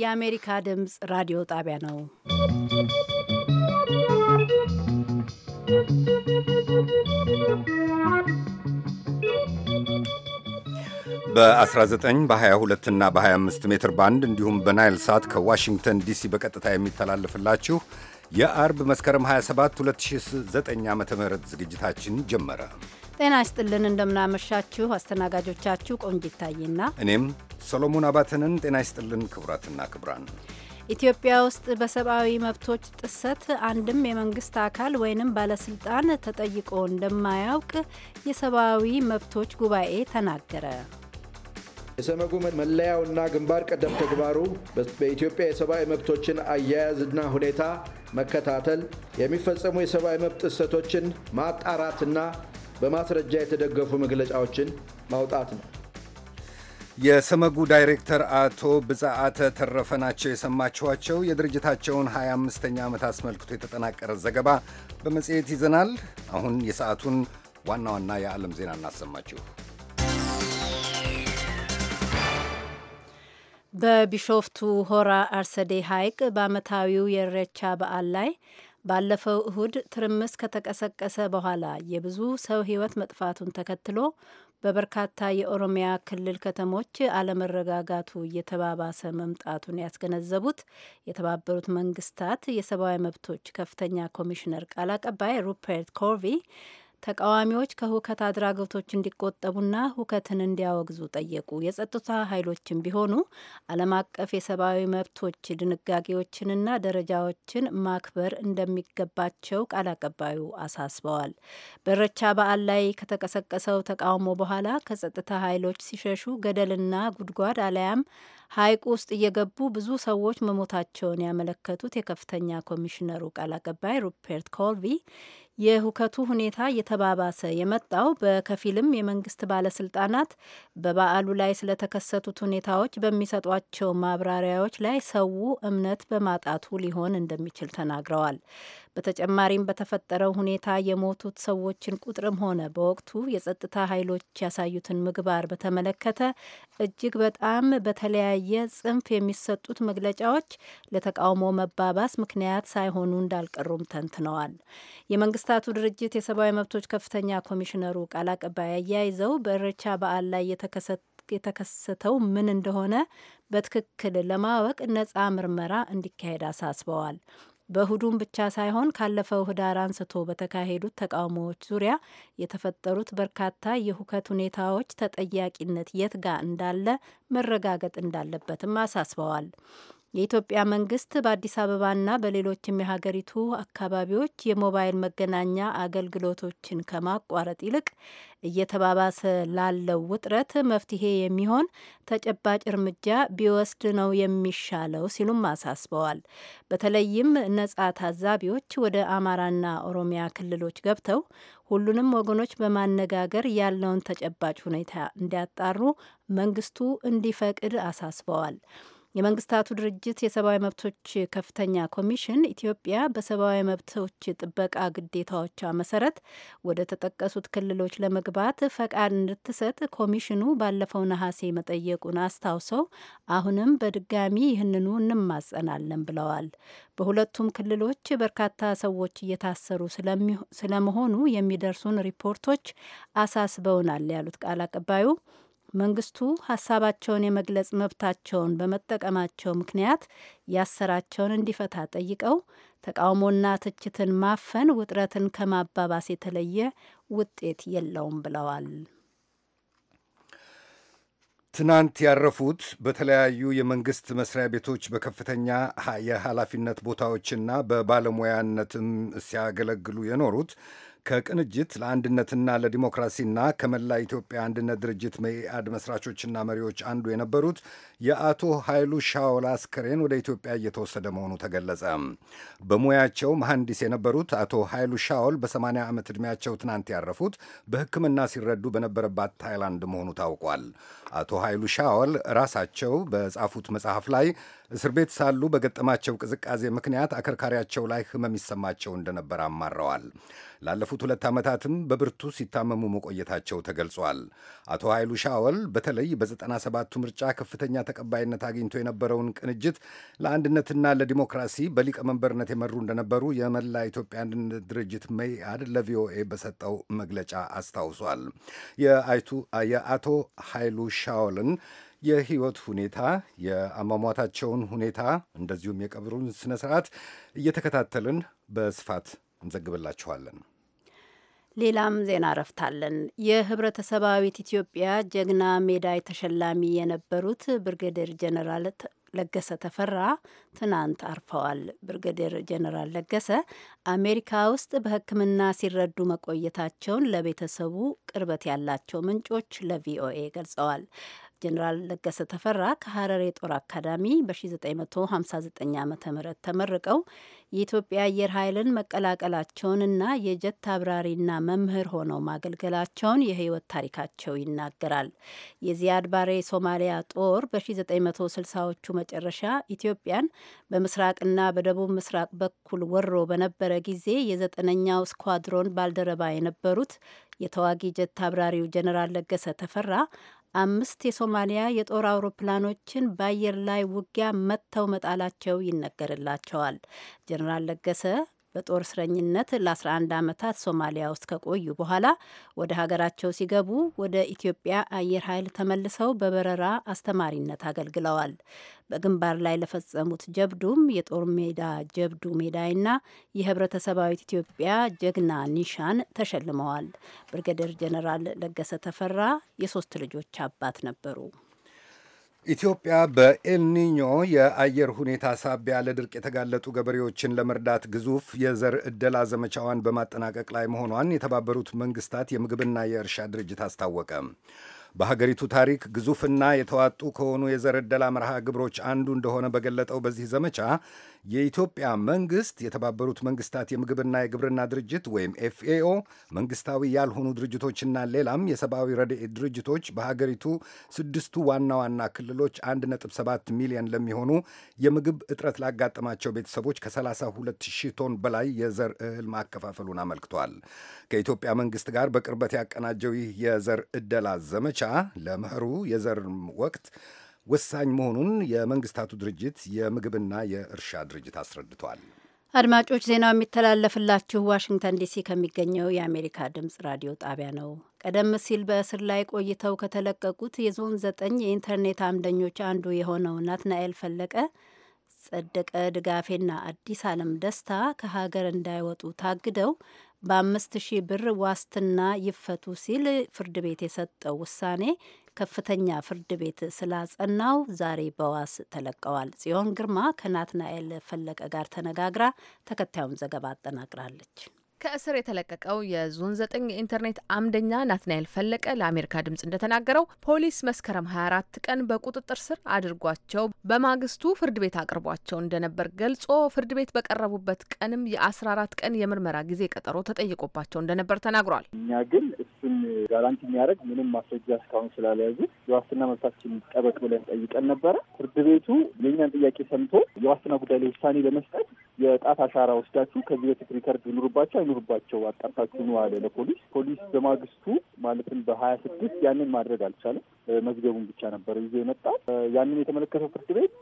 የአሜሪካ ድምፅ ራዲዮ ጣቢያ ነው። በ19 በ22 እና በ25 ሜትር ባንድ እንዲሁም በናይል ሳት ከዋሽንግተን ዲሲ በቀጥታ የሚተላለፍላችሁ የአርብ መስከረም 27 2009 ዓ ም ዝግጅታችን ጀመረ። ጤና ይስጥልን። እንደምናመሻችሁ። አስተናጋጆቻችሁ ቆንጅ እኔም ሰሎሞን አባተንን ጤና ይስጥልን። ክቡራትና ክቡራን ኢትዮጵያ ውስጥ በሰብአዊ መብቶች ጥሰት አንድም የመንግስት አካል ወይንም ባለስልጣን ተጠይቆ እንደማያውቅ የሰብአዊ መብቶች ጉባኤ ተናገረ። የሰመጉ መለያውና ግንባር ቀደም ተግባሩ በኢትዮጵያ የሰብአዊ መብቶችን አያያዝና ሁኔታ መከታተል፣ የሚፈጸሙ የሰብአዊ መብት ጥሰቶችን ማጣራትና በማስረጃ የተደገፉ መግለጫዎችን ማውጣት ነው። የሰመጉ ዳይሬክተር አቶ ብጻአተ ተረፈ ናቸው የሰማችኋቸው። የድርጅታቸውን 25ኛ ዓመት አስመልክቶ የተጠናቀረ ዘገባ በመጽሔት ይዘናል። አሁን የሰዓቱን ዋና ዋና የዓለም ዜና እናሰማችሁ። በቢሾፍቱ ሆራ አርሰዴ ሐይቅ በዓመታዊው የእሬቻ በዓል ላይ ባለፈው እሁድ ትርምስ ከተቀሰቀሰ በኋላ የብዙ ሰው ሕይወት መጥፋቱን ተከትሎ በበርካታ የኦሮሚያ ክልል ከተሞች አለመረጋጋቱ እየተባባሰ መምጣቱን ያስገነዘቡት የተባበሩት መንግስታት የሰብአዊ መብቶች ከፍተኛ ኮሚሽነር ቃል አቀባይ ሩፐርት ኮርቪ ተቃዋሚዎች ከሁከት አድራጎቶች እንዲቆጠቡና ሁከትን እንዲያወግዙ ጠየቁ። የጸጥታ ኃይሎችም ቢሆኑ ዓለም አቀፍ የሰብአዊ መብቶች ድንጋጌዎችንና ደረጃዎችን ማክበር እንደሚገባቸው ቃል አቀባዩ አሳስበዋል። በረቻ በዓል ላይ ከተቀሰቀሰው ተቃውሞ በኋላ ከጸጥታ ኃይሎች ሲሸሹ ገደልና ጉድጓድ አለያም ሐይቁ ውስጥ እየገቡ ብዙ ሰዎች መሞታቸውን ያመለከቱት የከፍተኛ ኮሚሽነሩ ቃል አቀባይ ሩፐርት ኮልቪ የሁከቱ ሁኔታ እየተባባሰ የመጣው በከፊልም የመንግስት ባለስልጣናት በበዓሉ ላይ ስለተከሰቱት ሁኔታዎች በሚሰጧቸው ማብራሪያዎች ላይ ሰው እምነት በማጣቱ ሊሆን እንደሚችል ተናግረዋል። በተጨማሪም በተፈጠረው ሁኔታ የሞቱት ሰዎችን ቁጥርም ሆነ በወቅቱ የጸጥታ ኃይሎች ያሳዩትን ምግባር በተመለከተ እጅግ በጣም በተለያየ ጽንፍ የሚሰጡት መግለጫዎች ለተቃውሞ መባባስ ምክንያት ሳይሆኑ እንዳልቀሩም ተንትነዋል። የመንግስት የመንግስታቱ ድርጅት የሰብአዊ መብቶች ከፍተኛ ኮሚሽነሩ ቃል አቀባይ አያይዘው በእርቻ በዓል ላይ የተከሰተው ምን እንደሆነ በትክክል ለማወቅ ነጻ ምርመራ እንዲካሄድ አሳስበዋል። በእሁዱም ብቻ ሳይሆን ካለፈው ህዳር አንስቶ በተካሄዱት ተቃውሞዎች ዙሪያ የተፈጠሩት በርካታ የሁከት ሁኔታዎች ተጠያቂነት የት ጋር እንዳለ መረጋገጥ እንዳለበትም አሳስበዋል። የኢትዮጵያ መንግስት በአዲስ አበባና በሌሎችም የሀገሪቱ አካባቢዎች የሞባይል መገናኛ አገልግሎቶችን ከማቋረጥ ይልቅ እየተባባሰ ላለው ውጥረት መፍትሄ የሚሆን ተጨባጭ እርምጃ ቢወስድ ነው የሚሻለው ሲሉም አሳስበዋል። በተለይም ነጻ ታዛቢዎች ወደ አማራና ኦሮሚያ ክልሎች ገብተው ሁሉንም ወገኖች በማነጋገር ያለውን ተጨባጭ ሁኔታ እንዲያጣሩ መንግስቱ እንዲፈቅድ አሳስበዋል። የመንግስታቱ ድርጅት የሰብአዊ መብቶች ከፍተኛ ኮሚሽን ኢትዮጵያ በሰብአዊ መብቶች ጥበቃ ግዴታዎቿ መሰረት ወደ ተጠቀሱት ክልሎች ለመግባት ፈቃድ እንድትሰጥ ኮሚሽኑ ባለፈው ነሐሴ መጠየቁን አስታውሰው አሁንም በድጋሚ ይህንኑ እንማጸናለን ብለዋል። በሁለቱም ክልሎች በርካታ ሰዎች እየታሰሩ ስለመሆኑ የሚደርሱን ሪፖርቶች አሳስበውናል ያሉት ቃል አቀባዩ መንግስቱ ሀሳባቸውን የመግለጽ መብታቸውን በመጠቀማቸው ምክንያት ያሰራቸውን እንዲፈታ ጠይቀው ተቃውሞና ትችትን ማፈን ውጥረትን ከማባባስ የተለየ ውጤት የለውም ብለዋል። ትናንት ያረፉት በተለያዩ የመንግስት መስሪያ ቤቶች በከፍተኛ የኃላፊነት ቦታዎችና በባለሙያነትም ሲያገለግሉ የኖሩት ከቅንጅት ለአንድነትና ለዲሞክራሲና ከመላ ኢትዮጵያ አንድነት ድርጅት መኢአድ መስራቾችና መሪዎች አንዱ የነበሩት የአቶ ኃይሉ ሻውል አስክሬን ወደ ኢትዮጵያ እየተወሰደ መሆኑ ተገለጸ። በሙያቸው መሐንዲስ የነበሩት አቶ ኃይሉ ሻውል በ80 ዓመት ዕድሜያቸው ትናንት ያረፉት በሕክምና ሲረዱ በነበረባት ታይላንድ መሆኑ ታውቋል። አቶ ኃይሉ ሻውል ራሳቸው በጻፉት መጽሐፍ ላይ እስር ቤት ሳሉ በገጠማቸው ቅዝቃዜ ምክንያት አከርካሪያቸው ላይ ህመም ይሰማቸው እንደነበር አማረዋል። ላለፉት ሁለት ዓመታትም በብርቱ ሲታመሙ መቆየታቸው ተገልጿል። አቶ ኃይሉ ሻወል በተለይ በ97ቱ ምርጫ ከፍተኛ ተቀባይነት አግኝቶ የነበረውን ቅንጅት ለአንድነትና ለዲሞክራሲ በሊቀመንበርነት የመሩ እንደነበሩ የመላ ኢትዮጵያ አንድነት ድርጅት መኢአድ ለቪኦኤ በሰጠው መግለጫ አስታውሷል። የአቶ ኃይሉ ሻወልን የህይወት ሁኔታ የአሟሟታቸውን ሁኔታ እንደዚሁም የቀብሩን ስነ ስርዓት እየተከታተልን በስፋት እንዘግብላችኋለን። ሌላም ዜና እረፍታለን። የህብረተሰባዊት ኢትዮጵያ ጀግና ሜዳይ ተሸላሚ የነበሩት ብርጋዴር ጀነራል ለገሰ ተፈራ ትናንት አርፈዋል። ብርጋዴር ጀነራል ለገሰ አሜሪካ ውስጥ በሕክምና ሲረዱ መቆየታቸውን ለቤተሰቡ ቅርበት ያላቸው ምንጮች ለቪኦኤ ገልጸዋል። ጀኔራል ለገሰ ተፈራ ከሀረር የጦር አካዳሚ በ1959 ዓ ም ተመርቀው የኢትዮጵያ አየር ኃይልን መቀላቀላቸውንና የጀት አብራሪና መምህር ሆነው ማገልገላቸውን የህይወት ታሪካቸው ይናገራል። የዚያድ ባሬ የሶማሊያ ጦር በ1960ዎቹ መጨረሻ ኢትዮጵያን በምስራቅና በደቡብ ምስራቅ በኩል ወሮ በነበረ ጊዜ የዘጠነኛው ስኳድሮን ባልደረባ የነበሩት የተዋጊ ጀት አብራሪው ጀኔራል ለገሰ ተፈራ አምስት የሶማሊያ የጦር አውሮፕላኖችን በአየር ላይ ውጊያ መጥተው መጣላቸው ይነገርላቸዋል። ጀኔራል ለገሰ በጦር እስረኝነት ለ11 ዓመታት ሶማሊያ ውስጥ ከቆዩ በኋላ ወደ ሀገራቸው ሲገቡ ወደ ኢትዮጵያ አየር ኃይል ተመልሰው በበረራ አስተማሪነት አገልግለዋል። በግንባር ላይ ለፈጸሙት ጀብዱም የጦር ሜዳ ጀብዱ ሜዳይና የህብረተሰባዊት ኢትዮጵያ ጀግና ኒሻን ተሸልመዋል። ብርገደር ጀነራል ለገሰ ተፈራ የሶስት ልጆች አባት ነበሩ። ኢትዮጵያ በኤልኒኞ የአየር ሁኔታ ሳቢያ ለድርቅ የተጋለጡ ገበሬዎችን ለመርዳት ግዙፍ የዘር ዕደላ ዘመቻዋን በማጠናቀቅ ላይ መሆኗን የተባበሩት መንግስታት የምግብና የእርሻ ድርጅት አስታወቀ። በሀገሪቱ ታሪክ ግዙፍና የተዋጡ ከሆኑ የዘር ዕደላ መርሃ ግብሮች አንዱ እንደሆነ በገለጠው በዚህ ዘመቻ የኢትዮጵያ መንግስት፣ የተባበሩት መንግስታት የምግብና የግብርና ድርጅት ወይም ኤፍኤኦ፣ መንግስታዊ ያልሆኑ ድርጅቶችና ሌላም የሰብአዊ ረድኤት ድርጅቶች በሀገሪቱ ስድስቱ ዋና ዋና ክልሎች 1.7 ሚሊዮን ለሚሆኑ የምግብ እጥረት ላጋጠማቸው ቤተሰቦች ከ32 ሺህ ቶን በላይ የዘር እህል ማከፋፈሉን አመልክቷል። ከኢትዮጵያ መንግስት ጋር በቅርበት ያቀናጀው ይህ የዘር እደላ ዘመቻ ለመኸሩ የዘር ወቅት ወሳኝ መሆኑን የመንግስታቱ ድርጅት የምግብና የእርሻ ድርጅት አስረድቷል። አድማጮች ዜናው የሚተላለፍላችሁ ዋሽንግተን ዲሲ ከሚገኘው የአሜሪካ ድምጽ ራዲዮ ጣቢያ ነው። ቀደም ሲል በእስር ላይ ቆይተው ከተለቀቁት የዞን ዘጠኝ የኢንተርኔት አምደኞች አንዱ የሆነው ናትናኤል ፈለቀ፣ ጸደቀ ድጋፌና አዲስ አለም ደስታ ከሀገር እንዳይወጡ ታግደው በአምስት ሺህ ብር ዋስትና ይፈቱ ሲል ፍርድ ቤት የሰጠው ውሳኔ ከፍተኛ ፍርድ ቤት ስላጸናው ዛሬ በዋስ ተለቀዋል። ጽዮን ግርማ ከናትናኤል ፈለቀ ጋር ተነጋግራ ተከታዩን ዘገባ አጠናቅራለች። ከእስር የተለቀቀው የዞን ዘጠኝ የኢንተርኔት አምደኛ ናትናኤል ፈለቀ ለአሜሪካ ድምጽ እንደተናገረው ፖሊስ መስከረም 24 ቀን በቁጥጥር ስር አድርጓቸው በማግስቱ ፍርድ ቤት አቅርቧቸው እንደነበር ገልጾ ፍርድ ቤት በቀረቡበት ቀንም የ14 ቀን የምርመራ ጊዜ ቀጠሮ ተጠይቆባቸው እንደነበር ተናግሯል። እኛ ግን እሱን ጋራንቲ የሚያደርግ ምንም ማስረጃ እስካሁን ስላለያዙ የዋስትና መብታችን ጠበቅ ብለን ጠይቀን ነበረ። ፍርድ ቤቱ የእኛን ጥያቄ ሰምቶ የዋስትና ጉዳይ ላይ ውሳኔ ለመስጠት የጣት አሻራ ወስዳችሁ ከዚህ በፊት ሪከርድ ይኑርባቸው አኑርባቸው አጣርታችሁ ነው አለ ለፖሊስ። ፖሊስ በማግስቱ ማለትም በሀያ ስድስት ያንን ማድረግ አልቻለም። መዝገቡን ብቻ ነበር ይዞ የመጣ። ያንን የተመለከተው ፍርድ ቤት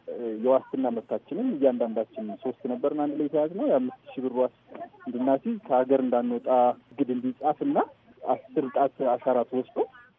የዋስትና መብታችንን እያንዳንዳችን ሶስት ነበርን አንድ ላይ ተያዝ ነው የአምስት ሺህ ብር ዋስ እንድናሲ ከሀገር እንዳንወጣ ግድ እንዲጻፍና አስር ጣት አሻራ ወስዶ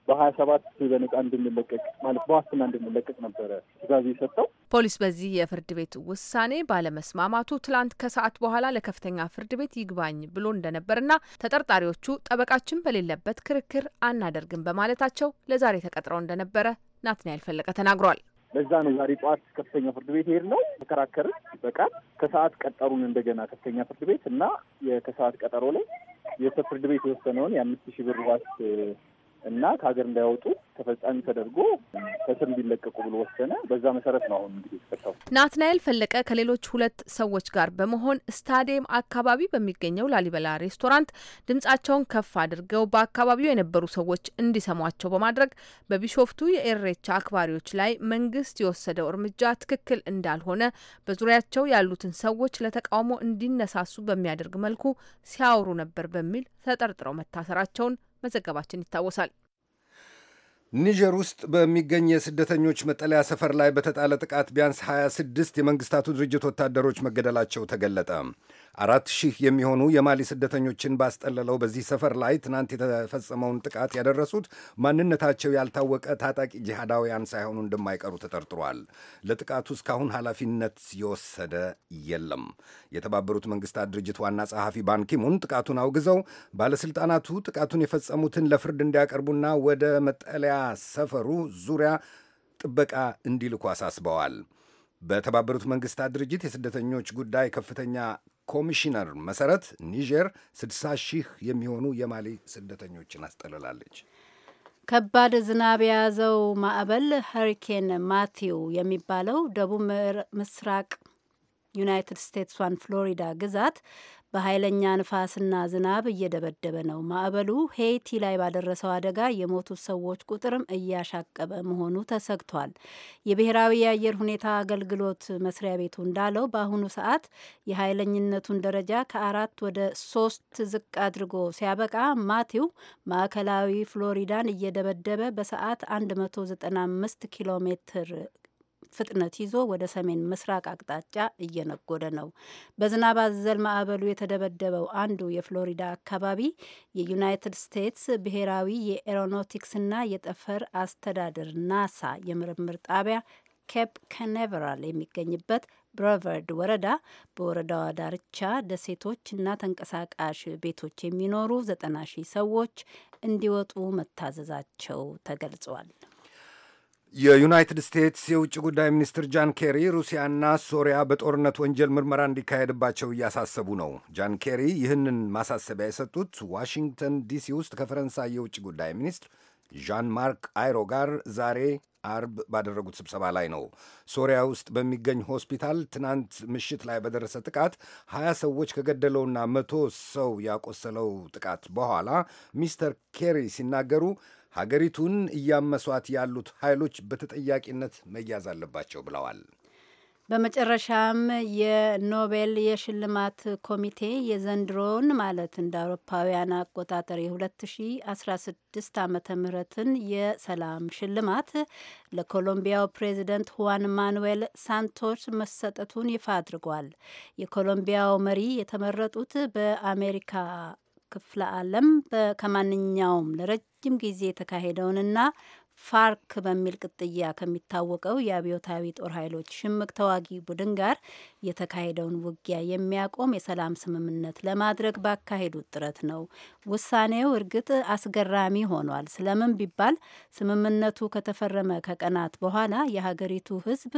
በሀያ ሰባት በነጻ እንድንለቀቅ ማለት በዋስትና እንድንለቀቅ ነበረ ትእዛዝ የሰጠው። ፖሊስ በዚህ የፍርድ ቤት ውሳኔ ባለመስማማቱ ትላንት ከሰዓት በኋላ ለከፍተኛ ፍርድ ቤት ይግባኝ ብሎ እንደነበርና ተጠርጣሪዎቹ ጠበቃችን በሌለበት ክርክር አናደርግም በማለታቸው ለዛሬ ተቀጥረው እንደነበረ ናትናኤል ፈለቀ ተናግሯል። ለዛ ነው ዛሬ ጠዋት ከፍተኛ ፍርድ ቤት ሄድ ነው ተከራከርን። በቃ ከሰዓት ቀጠሩን እንደገና ከፍተኛ ፍርድ ቤት እና ከሰዓት ቀጠሮ ላይ የፍርድ ቤት የወሰነውን የአምስት ሺህ ብር ዋስ እና ከሀገር እንዳይወጡ ተፈጻሚ ተደርጎ ከስር እንዲለቀቁ ብሎ ወሰነ። በዛ መሰረት ነው አሁን እንግዲህ የተፈታው። ናትናኤል ፈለቀ ከሌሎች ሁለት ሰዎች ጋር በመሆን ስታዲየም አካባቢ በሚገኘው ላሊበላ ሬስቶራንት ድምጻቸውን ከፍ አድርገው በአካባቢው የነበሩ ሰዎች እንዲሰሟቸው በማድረግ በቢሾፍቱ የኤሬቻ አክባሪዎች ላይ መንግስት የወሰደው እርምጃ ትክክል እንዳልሆነ በዙሪያቸው ያሉትን ሰዎች ለተቃውሞ እንዲነሳሱ በሚያደርግ መልኩ ሲያወሩ ነበር በሚል ተጠርጥረው መታሰራቸውን መዘገባችን ይታወሳል። ኒጀር ውስጥ በሚገኝ የስደተኞች መጠለያ ሰፈር ላይ በተጣለ ጥቃት ቢያንስ 26 የመንግስታቱ ድርጅት ወታደሮች መገደላቸው ተገለጠ። አራት ሺህ የሚሆኑ የማሊ ስደተኞችን ባስጠለለው በዚህ ሰፈር ላይ ትናንት የተፈጸመውን ጥቃት ያደረሱት ማንነታቸው ያልታወቀ ታጣቂ ጂሃዳውያን ሳይሆኑ እንደማይቀሩ ተጠርጥሯል። ለጥቃቱ እስካሁን ኃላፊነት የወሰደ የለም። የተባበሩት መንግስታት ድርጅት ዋና ጸሐፊ ባንኪሙን ጥቃቱን አውግዘው ባለሥልጣናቱ ጥቃቱን የፈጸሙትን ለፍርድ እንዲያቀርቡና ወደ መጠለያ ሰፈሩ ዙሪያ ጥበቃ እንዲልኩ አሳስበዋል። በተባበሩት መንግስታት ድርጅት የስደተኞች ጉዳይ ከፍተኛ ኮሚሽነር መሰረት ኒጀር 60 ሺህ የሚሆኑ የማሊ ስደተኞችን አስጠልላለች። ከባድ ዝናብ የያዘው ማዕበል ሀሪኬን ማቲው የሚባለው ደቡብ ምስራቅ ዩናይትድ ዋን ፍሎሪዳ ግዛት በኃይለኛ ንፋስና ዝናብ እየደበደበ ነው። ማዕበሉ ሄይቲ ላይ ባደረሰው አደጋ የሞቱት ሰዎች ቁጥርም እያሻቀበ መሆኑ ተሰግቷል። የብሔራዊ የአየር ሁኔታ አገልግሎት መስሪያ ቤቱ እንዳለው በአሁኑ ሰዓት የኃይለኝነቱን ደረጃ ከአራት ወደ ሶስት ዝቅ አድርጎ ሲያበቃ ማቲው ማዕከላዊ ፍሎሪዳን እየደበደበ በሰዓት 195 ኪሎ ሜትር ፍጥነት ይዞ ወደ ሰሜን ምስራቅ አቅጣጫ እየነጎደ ነው። በዝናብ አዘል ማዕበሉ የተደበደበው አንዱ የፍሎሪዳ አካባቢ የዩናይትድ ስቴትስ ብሔራዊ የኤሮኖቲክስና የጠፈር አስተዳደር ናሳ የምርምር ጣቢያ ኬፕ ከነቨራል የሚገኝበት ብሮቨርድ ወረዳ በወረዳዋ ዳርቻ ደሴቶች እና ተንቀሳቃሽ ቤቶች የሚኖሩ ዘጠና ሺህ ሰዎች እንዲወጡ መታዘዛቸው ተገልጿል። የዩናይትድ ስቴትስ የውጭ ጉዳይ ሚኒስትር ጃን ኬሪ ሩሲያና ሶሪያ በጦርነት ወንጀል ምርመራ እንዲካሄድባቸው እያሳሰቡ ነው። ጃን ኬሪ ይህንን ማሳሰቢያ የሰጡት ዋሽንግተን ዲሲ ውስጥ ከፈረንሳይ የውጭ ጉዳይ ሚኒስትር ዣን ማርክ አይሮ ጋር ዛሬ አርብ ባደረጉት ስብሰባ ላይ ነው። ሶሪያ ውስጥ በሚገኝ ሆስፒታል ትናንት ምሽት ላይ በደረሰ ጥቃት ሀያ ሰዎች ከገደለውና መቶ ሰው ያቆሰለው ጥቃት በኋላ ሚስተር ኬሪ ሲናገሩ ሀገሪቱን እያመሷት ያሉት ኃይሎች በተጠያቂነት መያዝ አለባቸው ብለዋል። በመጨረሻም የኖቤል የሽልማት ኮሚቴ የዘንድሮውን ማለት እንደ አውሮፓውያን አቆጣጠር የ2016 ዓመተ ምህረትን የሰላም ሽልማት ለኮሎምቢያው ፕሬዚደንት ሁዋን ማኑዌል ሳንቶስ መሰጠቱን ይፋ አድርጓል። የኮሎምቢያው መሪ የተመረጡት በአሜሪካ ክፍለ ዓለም ከማንኛውም ለረጅም ጊዜ የተካሄደውንና ፋርክ በሚል ቅጥያ ከሚታወቀው የአብዮታዊ ጦር ኃይሎች ሽምቅ ተዋጊ ቡድን ጋር የተካሄደውን ውጊያ የሚያቆም የሰላም ስምምነት ለማድረግ ባካሄዱት ጥረት ነው። ውሳኔው እርግጥ አስገራሚ ሆኗል። ስለምን ቢባል ስምምነቱ ከተፈረመ ከቀናት በኋላ የሀገሪቱ ሕዝብ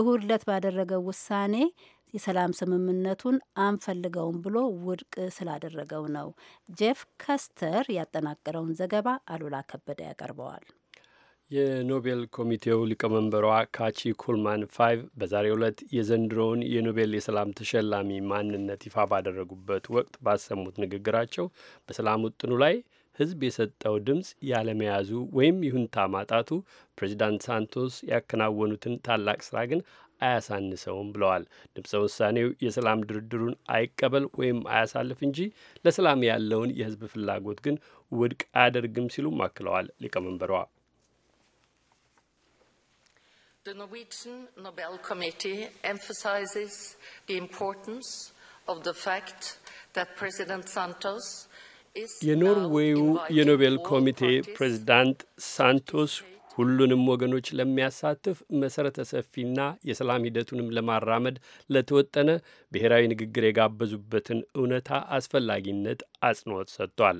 እሁድ ዕለት ባደረገው ውሳኔ የሰላም ስምምነቱን አንፈልገውም ብሎ ውድቅ ስላደረገው ነው። ጄፍ ከስተር ያጠናቀረውን ዘገባ አሉላ ከበደ ያቀርበዋል። የኖቤል ኮሚቴው ሊቀመንበሯ ካቺ ኩልማን ፋይቭ በዛሬ ዕለት የዘንድሮውን የኖቤል የሰላም ተሸላሚ ማንነት ይፋ ባደረጉበት ወቅት ባሰሙት ንግግራቸው በሰላም ውጥኑ ላይ ሕዝብ የሰጠው ድምፅ ያለመያዙ ወይም ይሁንታ ማጣቱ ፕሬዚዳንት ሳንቶስ ያከናወኑትን ታላቅ ስራ ግን አያሳንሰውም ብለዋል። ድምፀ ውሳኔው የሰላም ድርድሩን አይቀበል ወይም አያሳልፍ እንጂ ለሰላም ያለውን የህዝብ ፍላጎት ግን ውድቅ አያደርግም ሲሉም አክለዋል ሊቀመንበሯ። The Norwegian Nobel Committee emphasizes the importance of the fact that President Santos የኖርዌዩ የኖቤል ኮሚቴ ፕሬዚዳንት ሳንቶስ ሁሉንም ወገኖች ለሚያሳትፍ መሰረተ ሰፊና የሰላም ሂደቱንም ለማራመድ ለተወጠነ ብሔራዊ ንግግር የጋበዙበትን እውነታ አስፈላጊነት አጽንኦት ሰጥቷል።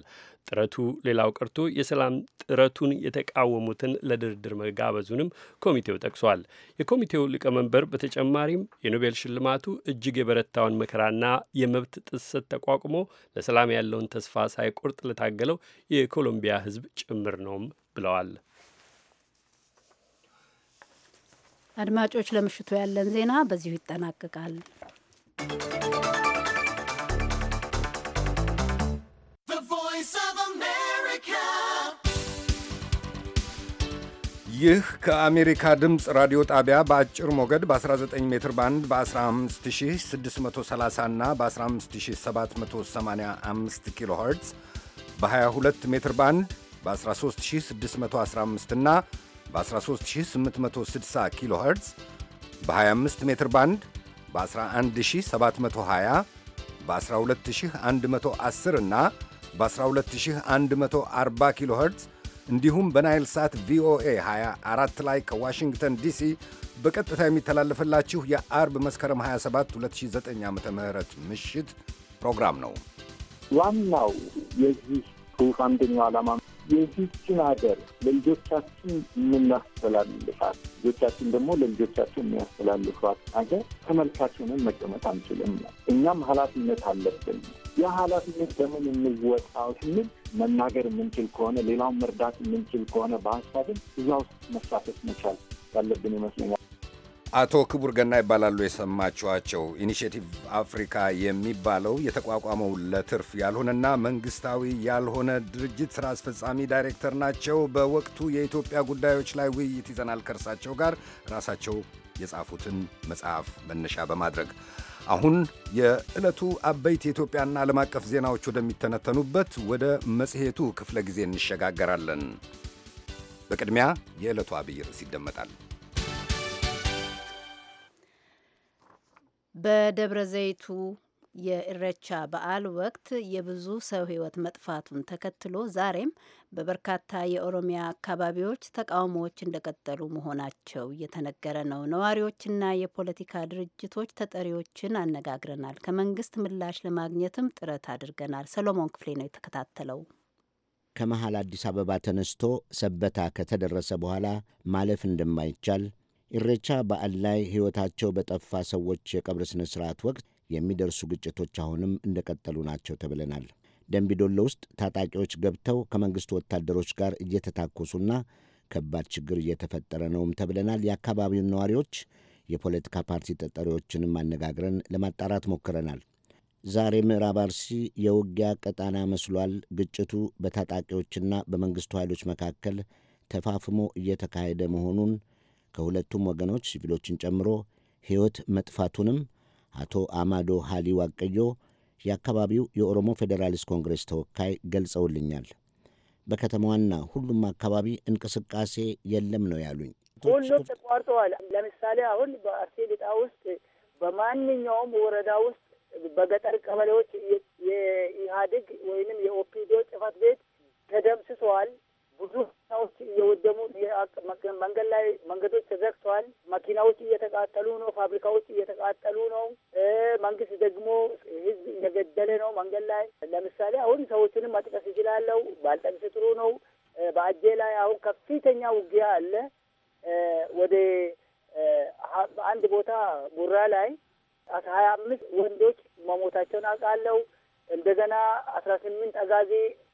ጥረቱ ሌላው ቀርቶ የሰላም ጥረቱን የተቃወሙትን ለድርድር መጋበዙንም ኮሚቴው ጠቅሷል። የኮሚቴው ሊቀመንበር በተጨማሪም የኖቤል ሽልማቱ እጅግ የበረታውን መከራና የመብት ጥሰት ተቋቁሞ ለሰላም ያለውን ተስፋ ሳይቆርጥ ለታገለው የኮሎምቢያ ሕዝብ ጭምር ነውም ብለዋል። አድማጮች፣ ለምሽቱ ያለን ዜና በዚሁ ይጠናቀቃል። ይህ ከአሜሪካ ድምፅ ራዲዮ ጣቢያ በአጭር ሞገድ በ19 ሜትር ባንድ በ15630 እና በ15785 ኪሎ ኸርትዝ በ22 ሜትር ባንድ በ13615 እና በ13860 ኪሎ ኸርትዝ በ25 ሜትር ባንድ በ11720 በ12110 እና በ12140 ኪሎ ኸርትዝ እንዲሁም በናይል ሳት ቪኦኤ 24 ላይ ከዋሽንግተን ዲሲ በቀጥታ የሚተላለፍላችሁ የአርብ መስከረም 27 2009 ዓ ም ምሽት ፕሮግራም ነው። ዋናው የዚህ ጽሑፍ አንደኛው ዓላማ የዚችን ሀገር ለልጆቻችን የምናስተላልፋት ልጆቻችን ደግሞ ለልጆቻችን የሚያስተላልፏት ሀገር ተመልካችንን መቀመጥ አንችልም። እኛም ኃላፊነት አለብን። ያ ኃላፊነት በምን እንወጣው ስንል መናገር የምንችል ከሆነ ሌላውን መርዳት የምንችል ከሆነ በሀሳብን እዛ ውስጥ መሳተፍ መቻል ያለብን ይመስለኛል። አቶ ክቡር ገና ይባላሉ። የሰማችኋቸው ኢኒሽቲቭ አፍሪካ የሚባለው የተቋቋመው ለትርፍ ያልሆነና መንግስታዊ ያልሆነ ድርጅት ስራ አስፈጻሚ ዳይሬክተር ናቸው። በወቅቱ የኢትዮጵያ ጉዳዮች ላይ ውይይት ይዘናል ከእርሳቸው ጋር ራሳቸው የጻፉትን መጽሐፍ መነሻ በማድረግ አሁን የዕለቱ አበይት የኢትዮጵያና ዓለም አቀፍ ዜናዎች ወደሚተነተኑበት ወደ መጽሔቱ ክፍለ ጊዜ እንሸጋገራለን። በቅድሚያ የዕለቱ አብይ ርዕስ ይደመጣል። በደብረ ዘይቱ የእረቻ በዓል ወቅት የብዙ ሰው ሕይወት መጥፋቱን ተከትሎ ዛሬም በበርካታ የኦሮሚያ አካባቢዎች ተቃውሞዎች እንደቀጠሉ መሆናቸው እየተነገረ ነው። ነዋሪዎችና የፖለቲካ ድርጅቶች ተጠሪዎችን አነጋግረናል። ከመንግስት ምላሽ ለማግኘትም ጥረት አድርገናል። ሰሎሞን ክፍሌ ነው የተከታተለው። ከመሀል አዲስ አበባ ተነስቶ ሰበታ ከተደረሰ በኋላ ማለፍ እንደማይቻል ኢሬቻ በዓል ላይ ሕይወታቸው በጠፋ ሰዎች የቀብር ሥነ ሥርዓት ወቅት የሚደርሱ ግጭቶች አሁንም እንደቀጠሉ ናቸው ተብለናል። ደንቢዶሎ ውስጥ ታጣቂዎች ገብተው ከመንግሥት ወታደሮች ጋር እየተታኮሱና ከባድ ችግር እየተፈጠረ ነውም ተብለናል። የአካባቢውን ነዋሪዎች፣ የፖለቲካ ፓርቲ ጠጠሪዎችንም አነጋግረን ለማጣራት ሞክረናል። ዛሬ ምዕራብ አርሲ የውጊያ ቀጣና መስሏል። ግጭቱ በታጣቂዎችና በመንግሥቱ ኃይሎች መካከል ተፋፍሞ እየተካሄደ መሆኑን ከሁለቱም ወገኖች ሲቪሎችን ጨምሮ ሕይወት መጥፋቱንም አቶ አማዶ ሃሊ ዋቀዮ የአካባቢው የኦሮሞ ፌዴራሊስት ኮንግሬስ ተወካይ ገልጸውልኛል። በከተማዋና ሁሉም አካባቢ እንቅስቃሴ የለም ነው ያሉኝ። ሁሉም ተቋርጠዋል። ለምሳሌ አሁን በአርሲ ሊጣ ውስጥ በማንኛውም ወረዳ ውስጥ በገጠር ቀበሌዎች የኢህአዴግ ወይንም የኦፒዲዮ ጽህፈት ቤት ተደምስሰዋል። ብዙ መኪናዎች እየወደሙ መንገድ ላይ መንገዶች ተዘግተዋል። መኪናዎች እየተቃጠሉ ነው። ፋብሪካዎች እየተቃጠሉ ነው። መንግስት ደግሞ ህዝብ እየገደለ ነው። መንገድ ላይ ለምሳሌ አሁን ሰዎችንም መጥቀስ ይችላለው። ባልጠቅስ ጥሩ ነው። በአጄ ላይ አሁን ከፍተኛ ውጊያ አለ። ወደ አንድ ቦታ ጉራ ላይ አስራ ሀያ አምስት ወንዶች መሞታቸውን አውቃለሁ። እንደገና አስራ ስምንት አጋዜ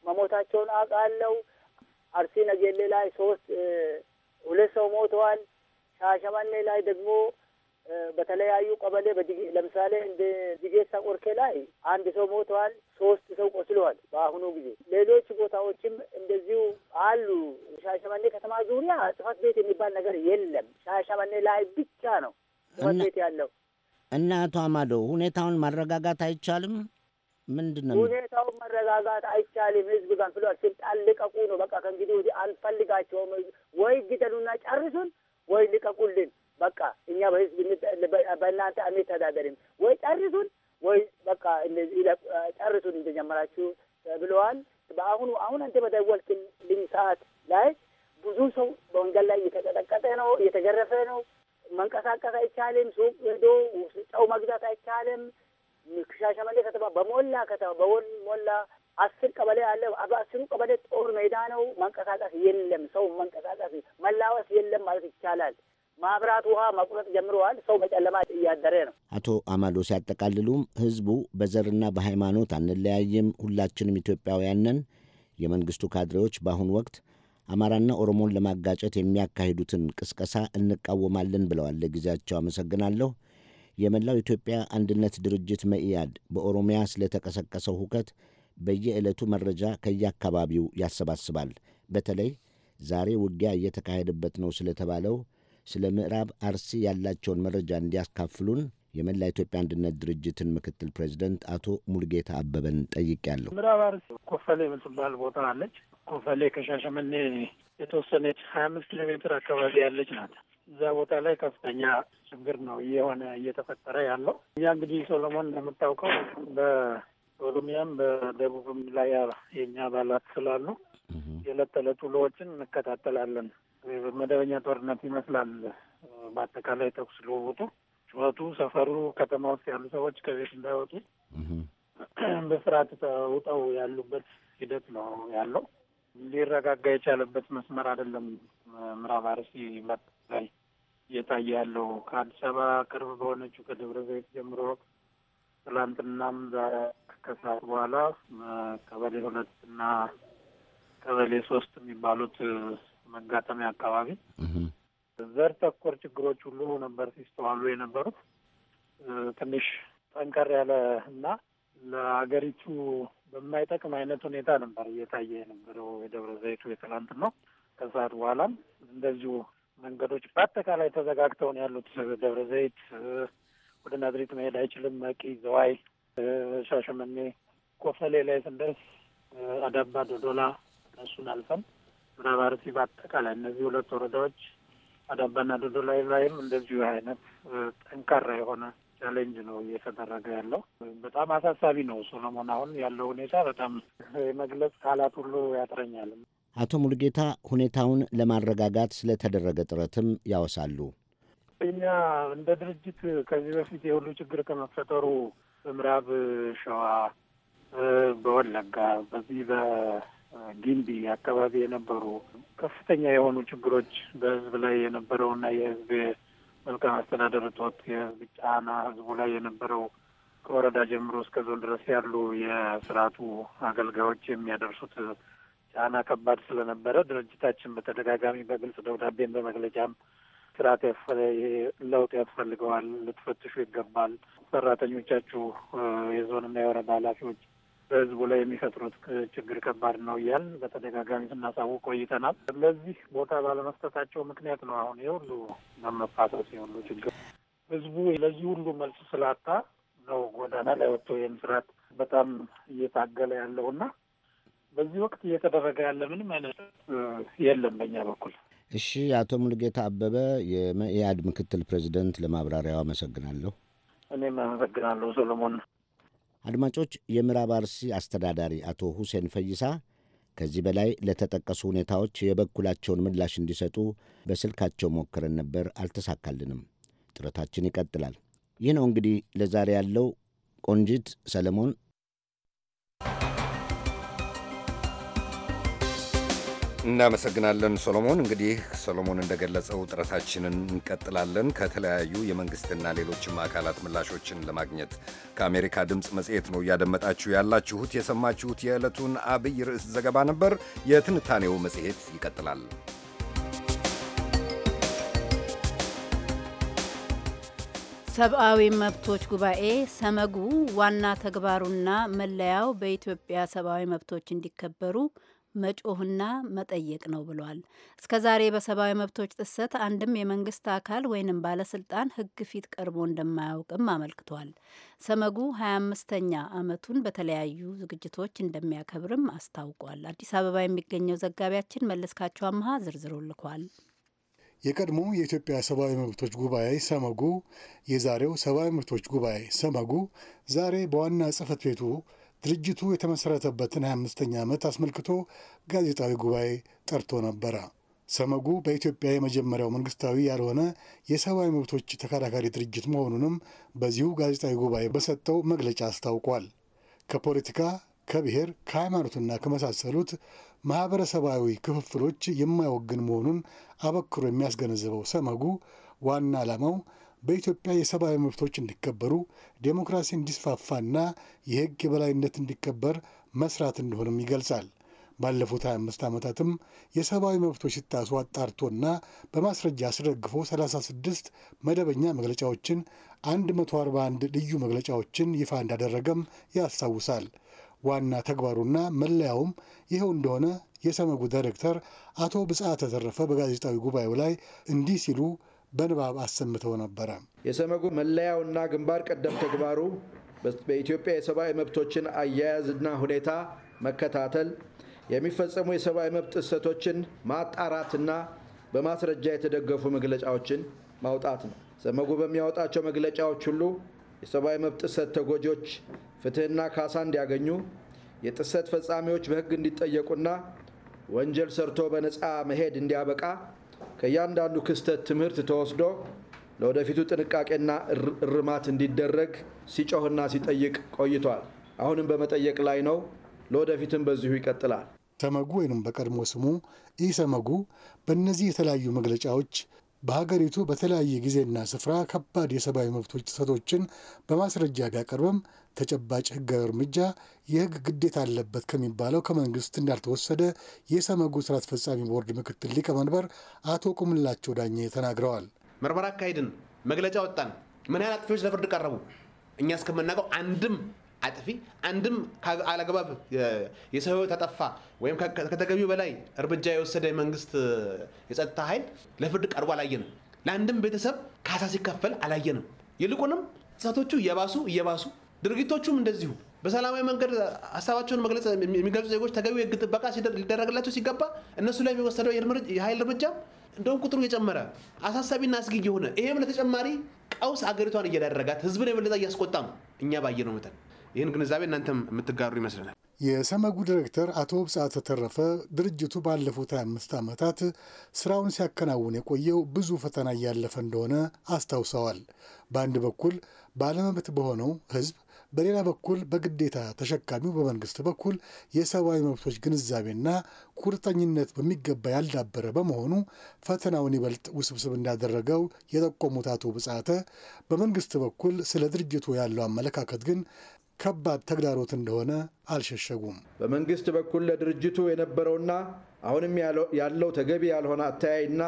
መሞታቸውን አውቃለሁ። አርሲ ነገሌ ላይ ሶስት ሁለት ሰው ሞተዋል። ሻሸመኔ ላይ ደግሞ በተለያዩ ቀበሌ ለምሳሌ እንደ ጅጌሳ ቆርኬ ላይ አንድ ሰው ሞተዋል፣ ሶስት ሰው ቆስለዋል። በአሁኑ ጊዜ ሌሎች ቦታዎችም እንደዚሁ አሉ። ሻሸመኔ ከተማ ዙሪያ ጽሕፈት ቤት የሚባል ነገር የለም። ሻሸመኔ ላይ ብቻ ነው ጽሕፈት ቤት ያለው እና አቶ አማዶ ሁኔታውን ማረጋጋት አይቻልም። ምንድን ነው ሁኔታው? መረጋጋት አይቻልም። ህዝብ ገንፍሏል። ስልጣን ልቀቁ ነው። በቃ ከእንግዲህ ወዲህ አንፈልጋቸውም። ወይ ግደሉና ጨርሱን፣ ወይ ልቀቁልን። በቃ እኛ በህዝብ በእናንተ አንተዳደርም። ወይ ጨርሱን፣ ወይ በቃ ጨርሱን እንደጀመራችሁ ብለዋል። በአሁኑ አሁን አንተ በደወልክልኝ ሰዓት ላይ ብዙ ሰው በወንጀል ላይ እየተቀጠቀጠ ነው፣ እየተገረፈ ነው። መንቀሳቀስ አይቻልም። ሱቅ ሄዶ ጨው መግዛት አይቻልም። ሻሸመኔ ከተማ በሞላ ከተማ በሞላ አስር ቀበሌ አለ። አስሩ ቀበሌ ጦር ሜዳ ነው። መንቀሳቀስ የለም። ሰው መንቀሳቀስ መላወስ የለም ማለት ይቻላል። ማብራት ውሃ መቁረጥ ጀምረዋል። ሰው በጨለማ እያደረ ነው። አቶ አማዶ ሲያጠቃልሉም ህዝቡ በዘርና በሃይማኖት አንለያይም፣ ሁላችንም ኢትዮጵያውያን ነን። የመንግስቱ ካድሬዎች በአሁኑ ወቅት አማራና ኦሮሞን ለማጋጨት የሚያካሂዱትን ቅስቀሳ እንቃወማለን ብለዋል። ለጊዜያቸው አመሰግናለሁ። የመላው ኢትዮጵያ አንድነት ድርጅት መኢአድ በኦሮሚያ ስለተቀሰቀሰው ሁከት በየዕለቱ መረጃ ከየአካባቢው ያሰባስባል። በተለይ ዛሬ ውጊያ እየተካሄደበት ነው ስለተባለው ስለ ምዕራብ አርሲ ያላቸውን መረጃ እንዲያካፍሉን የመላ ኢትዮጵያ አንድነት ድርጅትን ምክትል ፕሬዚደንት አቶ ሙልጌታ አበበን ጠይቄያለሁ። ምዕራብ አርሲ ኮፈሌ የምትባል ቦታ አለች። ኮፈሌ ከሻሸመኔ የተወሰነች ሀያ አምስት ኪሎ ሜትር አካባቢ ያለች ናት። እዛ ቦታ ላይ ከፍተኛ ችግር ነው እየሆነ እየተፈጠረ ያለው። እኛ እንግዲህ ሶሎሞን እንደምታውቀው በኦሮሚያም በደቡብም ላይ የእኛ አባላት ስላሉ የዕለት ተዕለት ውሎዎችን እንከታተላለን። መደበኛ ጦርነት ይመስላል። በአጠቃላይ ተኩስ ልውውጡ፣ ጩኸቱ፣ ሰፈሩ፣ ከተማ ውስጥ ያሉ ሰዎች ከቤት እንዳይወጡ በፍርሃት ተውጠው ያሉበት ሂደት ነው ያለው። ሊረጋጋ የቻለበት መስመር አይደለም። ምዕራብ አርሲ ላይ እየታየ ያለው ከአዲስ አበባ ቅርብ በሆነችው ከደብረ ዘይት ጀምሮ ትላንትናም ዛሬ ከሰዓት በኋላ ቀበሌ ሁለት እና ቀበሌ ሶስት የሚባሉት መጋጠሚያ አካባቢ ዘር ተኮር ችግሮች ሁሉ ነበር ሲስተዋሉ የነበሩት። ትንሽ ጠንከር ያለ እና ለሀገሪቱ በማይጠቅም አይነት ሁኔታ ነበር እየታየ የነበረው የደብረ ዘይቱ የትላንት ነው። ከሰዓት በኋላም እንደዚሁ መንገዶች በአጠቃላይ ተዘጋግተው ነው ያሉት። ደብረ ዘይት ወደ ናዝሬት መሄድ አይችልም። መቂ፣ ዘዋይ፣ ሻሸመኔ፣ ኮፈሌ ላይ ስንደርስ አዳባ፣ ዶዶላ እነሱን አልፈን ምዕራብ አርሲ በአጠቃላይ እነዚህ ሁለት ወረዳዎች አዳባና ዶዶላ ላይም እንደዚሁ አይነት ጠንካራ የሆነ ቻሌንጅ ነው እየተደረገ ያለው። በጣም አሳሳቢ ነው ሶሎሞን። አሁን ያለው ሁኔታ በጣም የመግለጽ ቃላት ሁሉ ያጥረኛል። አቶ ሙልጌታ ሁኔታውን ለማረጋጋት ስለተደረገ ጥረትም ያወሳሉ። እኛ እንደ ድርጅት ከዚህ በፊት የሁሉ ችግር ከመፈጠሩ በምዕራብ ሸዋ፣ በወለጋ፣ በዚህ በጊምቢ አካባቢ የነበሩ ከፍተኛ የሆኑ ችግሮች በህዝብ ላይ የነበረውና የህዝብ መልካም አስተዳደር እጦት፣ የህዝብ ጫና፣ ህዝቡ ላይ የነበረው ከወረዳ ጀምሮ እስከ ዞን ድረስ ያሉ የስርዓቱ አገልጋዮች የሚያደርሱት ጫና ከባድ ስለነበረ ድርጅታችን በተደጋጋሚ በግልጽ ደብዳቤን በመግለጫም ስርዓት ያስፈለ ይሄ ለውጥ ያስፈልገዋል፣ ልትፈትሹ ይገባል። ሰራተኞቻችሁ የዞንና የወረዳ ኃላፊዎች በህዝቡ ላይ የሚፈጥሩት ችግር ከባድ ነው እያል በተደጋጋሚ ስናሳውቅ ቆይተናል። ለዚህ ቦታ ባለመስጠታቸው ምክንያት ነው አሁን የሁሉ መመፋሰስ የሁሉ ችግር ህዝቡ ለዚህ ሁሉ መልስ ስላጣ ነው ጎዳና ላይ ወጥቶ ይህን ስርዓት በጣም እየታገለ ያለውና በዚህ ወቅት እየተደረገ ያለ ምንም አይነት የለም በእኛ በኩል። እሺ፣ አቶ ሙሉጌታ አበበ የመኢአድ ምክትል ፕሬዚደንት ለማብራሪያው አመሰግናለሁ። እኔም አመሰግናለሁ ሰሎሞን። አድማጮች፣ የምዕራብ አርሲ አስተዳዳሪ አቶ ሁሴን ፈይሳ ከዚህ በላይ ለተጠቀሱ ሁኔታዎች የበኩላቸውን ምላሽ እንዲሰጡ በስልካቸው ሞክረን ነበር፣ አልተሳካልንም። ጥረታችን ይቀጥላል። ይህ ነው እንግዲህ ለዛሬ ያለው። ቆንጂት ሰለሞን፣ እናመሰግናለን ሶሎሞን እንግዲህ ሶሎሞን እንደገለጸው ጥረታችንን እንቀጥላለን። ከተለያዩ የመንግስትና ሌሎችም አካላት ምላሾችን ለማግኘት ከአሜሪካ ድምፅ መጽሔት ነው እያደመጣችሁ ያላችሁት። የሰማችሁት የዕለቱን አብይ ርዕስ ዘገባ ነበር። የትንታኔው መጽሔት ይቀጥላል። ሰብአዊ መብቶች ጉባኤ ሰመጉ ዋና ተግባሩና መለያው በኢትዮጵያ ሰብአዊ መብቶች እንዲከበሩ መጮህና መጠየቅ ነው ብሏል። እስከ ዛሬ በሰብአዊ መብቶች ጥሰት አንድም የመንግስት አካል ወይንም ባለስልጣን ህግ ፊት ቀርቦ እንደማያውቅም አመልክቷል። ሰመጉ 25ኛ ዓመቱን በተለያዩ ዝግጅቶች እንደሚያከብርም አስታውቋል። አዲስ አበባ የሚገኘው ዘጋቢያችን መለስካቸው አመሃ ዝርዝሩ ልኳል። የቀድሞ የኢትዮጵያ ሰብአዊ መብቶች ጉባኤ ሰመጉ፣ የዛሬው ሰብአዊ መብቶች ጉባኤ ሰመጉ ዛሬ በዋና ጽህፈት ቤቱ ድርጅቱ የተመሠረተበትን 25ኛ ዓመት አስመልክቶ ጋዜጣዊ ጉባኤ ጠርቶ ነበረ። ሰመጉ በኢትዮጵያ የመጀመሪያው መንግስታዊ ያልሆነ የሰብአዊ መብቶች ተከራካሪ ድርጅት መሆኑንም በዚሁ ጋዜጣዊ ጉባኤ በሰጠው መግለጫ አስታውቋል። ከፖለቲካ ከብሔር፣ ከሃይማኖትና ከመሳሰሉት ማኅበረሰባዊ ክፍፍሎች የማይወግን መሆኑን አበክሮ የሚያስገነዝበው ሰመጉ ዋና ዓላማው በኢትዮጵያ የሰብአዊ መብቶች እንዲከበሩ፣ ዴሞክራሲ እንዲስፋፋና የህግ የበላይነት እንዲከበር መስራት እንደሆነም ይገልጻል። ባለፉት 25 ዓመታትም የሰብአዊ መብቶች ሲጣሱ አጣርቶና በማስረጃ አስደግፎ 36 መደበኛ መግለጫዎችን፣ 141 ልዩ መግለጫዎችን ይፋ እንዳደረገም ያስታውሳል። ዋና ተግባሩና መለያውም ይኸው እንደሆነ የሰመጉ ዳይሬክተር አቶ ብጻ ተተረፈ በጋዜጣዊ ጉባኤው ላይ እንዲህ ሲሉ በንባብ አሰምተው ነበረ። የሰመጉ መለያውና ግንባር ቀደም ተግባሩ በኢትዮጵያ የሰብአዊ መብቶችን አያያዝና ሁኔታ መከታተል፣ የሚፈጸሙ የሰብአዊ መብት ጥሰቶችን ማጣራትና በማስረጃ የተደገፉ መግለጫዎችን ማውጣት ነው። ሰመጉ በሚያወጣቸው መግለጫዎች ሁሉ የሰብአዊ መብት ጥሰት ተጎጂዎች ፍትህና ካሳ እንዲያገኙ፣ የጥሰት ፈጻሚዎች በሕግ እንዲጠየቁና ወንጀል ሰርቶ በነፃ መሄድ እንዲያበቃ ከእያንዳንዱ ክስተት ትምህርት ተወስዶ ለወደፊቱ ጥንቃቄና እርማት እንዲደረግ ሲጮህና ሲጠይቅ ቆይቷል። አሁንም በመጠየቅ ላይ ነው። ለወደፊትም በዚሁ ይቀጥላል። ተመጉ ወይንም በቀድሞ ስሙ ኢሰመጉ በእነዚህ የተለያዩ መግለጫዎች በሀገሪቱ በተለያየ ጊዜና ስፍራ ከባድ የሰብአዊ መብቶች ጥሰቶችን በማስረጃ ቢያቀርብም ተጨባጭ ሕጋዊ እርምጃ የህግ ግዴታ አለበት ከሚባለው ከመንግስት እንዳልተወሰደ የሰመጉ ስራ አስፈጻሚ ቦርድ ምክትል ሊቀመንበር አቶ ቁምላቸው ዳኜ ተናግረዋል። ምርመራ አካሄድን፣ መግለጫ ወጣን፣ ምን ያህል አጥፊዎች ለፍርድ ቀረቡ፣ እኛ እስከምናውቀው አንድም አጥፊ አንድም አላግባብ የሰው ሕይወት ተጠፋ ወይም ከተገቢው በላይ እርምጃ የወሰደ መንግስት የጸጥታ ኃይል ለፍርድ ቀርቦ አላየንም። ለአንድም ቤተሰብ ካሳ ሲከፈል አላየንም። ይልቁንም ጥሰቶቹ እየባሱ እየባሱ ድርጊቶቹም እንደዚሁ በሰላማዊ መንገድ ሀሳባቸውን መግለጽ የሚገልጹ ዜጎች ተገቢ የህግ ጥበቃ ሊደረግላቸው ሲገባ እነሱ ላይ የሚወሰደው የኃይል እርምጃ እንደውም ቁጥሩ እየጨመረ አሳሳቢና አስጊ የሆነ ይሄም ለተጨማሪ ቀውስ አገሪቷን እየዳረጋት ህዝብን የበለጠ እያስቆጣም ነው እኛ ባየነው መጠን ይህን ግንዛቤ እናንተም የምትጋሩ ይመስለናል። የሰመጉ ዲሬክተር አቶ ብጻተ ተረፈ ድርጅቱ ባለፉት 25 ዓመታት ስራውን ሲያከናውን የቆየው ብዙ ፈተና እያለፈ እንደሆነ አስታውሰዋል። በአንድ በኩል ባለመብት በሆነው ህዝብ፣ በሌላ በኩል በግዴታ ተሸካሚው በመንግስት በኩል የሰብአዊ መብቶች ግንዛቤና ቁርጠኝነት በሚገባ ያልዳበረ በመሆኑ ፈተናውን ይበልጥ ውስብስብ እንዳደረገው የጠቆሙት አቶ ብጻተ በመንግስት በኩል ስለ ድርጅቱ ያለው አመለካከት ግን ከባድ ተግዳሮት እንደሆነ አልሸሸጉም። በመንግስት በኩል ለድርጅቱ የነበረውና አሁንም ያለው ተገቢ ያልሆነ አተያይና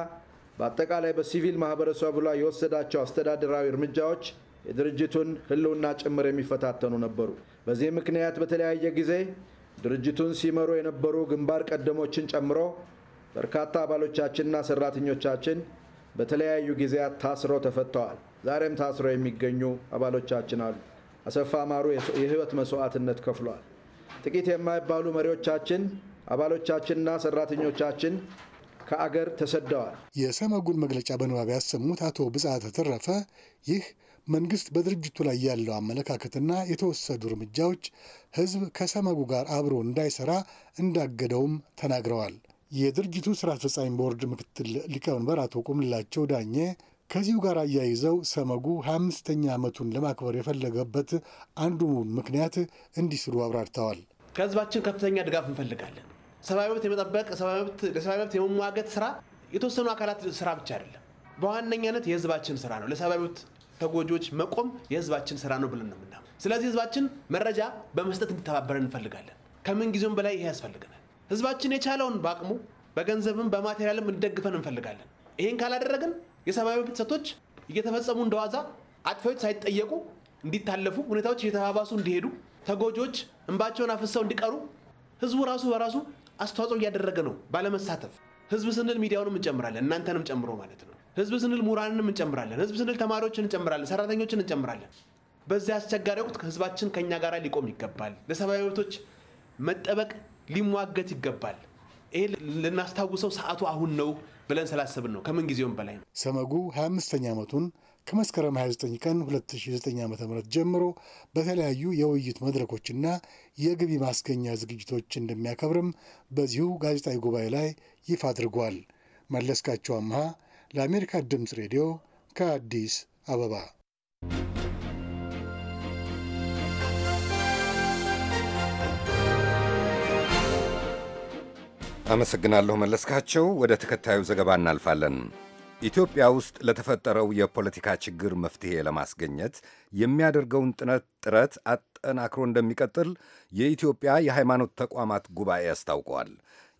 በአጠቃላይ በሲቪል ማህበረሰቡ ላይ የወሰዳቸው አስተዳደራዊ እርምጃዎች የድርጅቱን ሕልውና ጭምር የሚፈታተኑ ነበሩ። በዚህ ምክንያት በተለያየ ጊዜ ድርጅቱን ሲመሩ የነበሩ ግንባር ቀደሞችን ጨምሮ በርካታ አባሎቻችንና ሰራተኞቻችን በተለያዩ ጊዜያት ታስረው ተፈተዋል። ዛሬም ታስረው የሚገኙ አባሎቻችን አሉ። አሰፋ ማሩ የህይወት መስዋዕትነት ከፍሏል። ጥቂት የማይባሉ መሪዎቻችን፣ አባሎቻችንና ሰራተኞቻችን ከአገር ተሰደዋል። የሰመጉን መግለጫ በንባብ ያሰሙት አቶ ብጻ ተተረፈ ይህ መንግስት በድርጅቱ ላይ ያለው አመለካከትና የተወሰዱ እርምጃዎች ህዝብ ከሰመጉ ጋር አብሮ እንዳይሰራ እንዳገደውም ተናግረዋል። የድርጅቱ ስራ አስፈጻሚ ቦርድ ምክትል ሊቀመንበር አቶ ቁምላቸው ዳኜ ከዚሁ ጋር አያይዘው ሰመጉ ሀያ አምስተኛ ዓመቱን ለማክበር የፈለገበት አንዱ ምክንያት እንዲህ ሲሉ አብራርተዋል። ከህዝባችን ከፍተኛ ድጋፍ እንፈልጋለን። ሰብአዊ መብት የመጠበቅ ለሰብአዊ መብት የመሟገት ስራ የተወሰኑ አካላት ስራ ብቻ አይደለም፣ በዋነኛነት የህዝባችን ስራ ነው። ለሰብአዊ መብት ተጎጆች መቆም የህዝባችን ስራ ነው ብለን ነው ምና ስለዚህ ህዝባችን መረጃ በመስጠት እንዲተባበረን እንፈልጋለን። ከምን ጊዜውም በላይ ይሄ ያስፈልገናል። ህዝባችን የቻለውን በአቅሙ በገንዘብም በማቴሪያልም እንደግፈን እንፈልጋለን። ይህን ካላደረግን የሰብአዊ መብት ጥሰቶች እየተፈጸሙ እንደዋዛ አጥፊዎች ሳይጠየቁ እንዲታለፉ፣ ሁኔታዎች እየተባባሱ እንዲሄዱ፣ ተጎጂዎች እንባቸውን አፍሰው እንዲቀሩ ህዝቡ ራሱ በራሱ አስተዋጽኦ እያደረገ ነው ባለመሳተፍ። ህዝብ ስንል ሚዲያውንም እንጨምራለን፣ እናንተንም ጨምሮ ማለት ነው። ህዝብ ስንል ምሁራንንም እንጨምራለን። ህዝብ ስንል ተማሪዎችን እንጨምራለን፣ ሰራተኞችን እንጨምራለን። በዚህ አስቸጋሪ ወቅት ህዝባችን ከእኛ ጋር ሊቆም ይገባል። ለሰብአዊ መብቶች መጠበቅ ሊሟገት ይገባል። ይሄ ልናስታውሰው ሰዓቱ አሁን ነው። ብለን ስላሰብን ነው። ከምን ጊዜውም በላይ ነው። ሰመጉ 25ኛ ዓመቱን ከመስከረም 29 ቀን 2009 ዓ ም ጀምሮ በተለያዩ የውይይት መድረኮችና የግቢ ማስገኛ ዝግጅቶች እንደሚያከብርም በዚሁ ጋዜጣዊ ጉባኤ ላይ ይፋ አድርጓል። መለስካቸው አምሃ ለአሜሪካ ድምፅ ሬዲዮ ከአዲስ አበባ አመሰግናለሁ መለስካቸው። ወደ ተከታዩ ዘገባ እናልፋለን። ኢትዮጵያ ውስጥ ለተፈጠረው የፖለቲካ ችግር መፍትሄ ለማስገኘት የሚያደርገውን ጥነት ጥረት አጠናክሮ እንደሚቀጥል የኢትዮጵያ የሃይማኖት ተቋማት ጉባኤ አስታውቋል።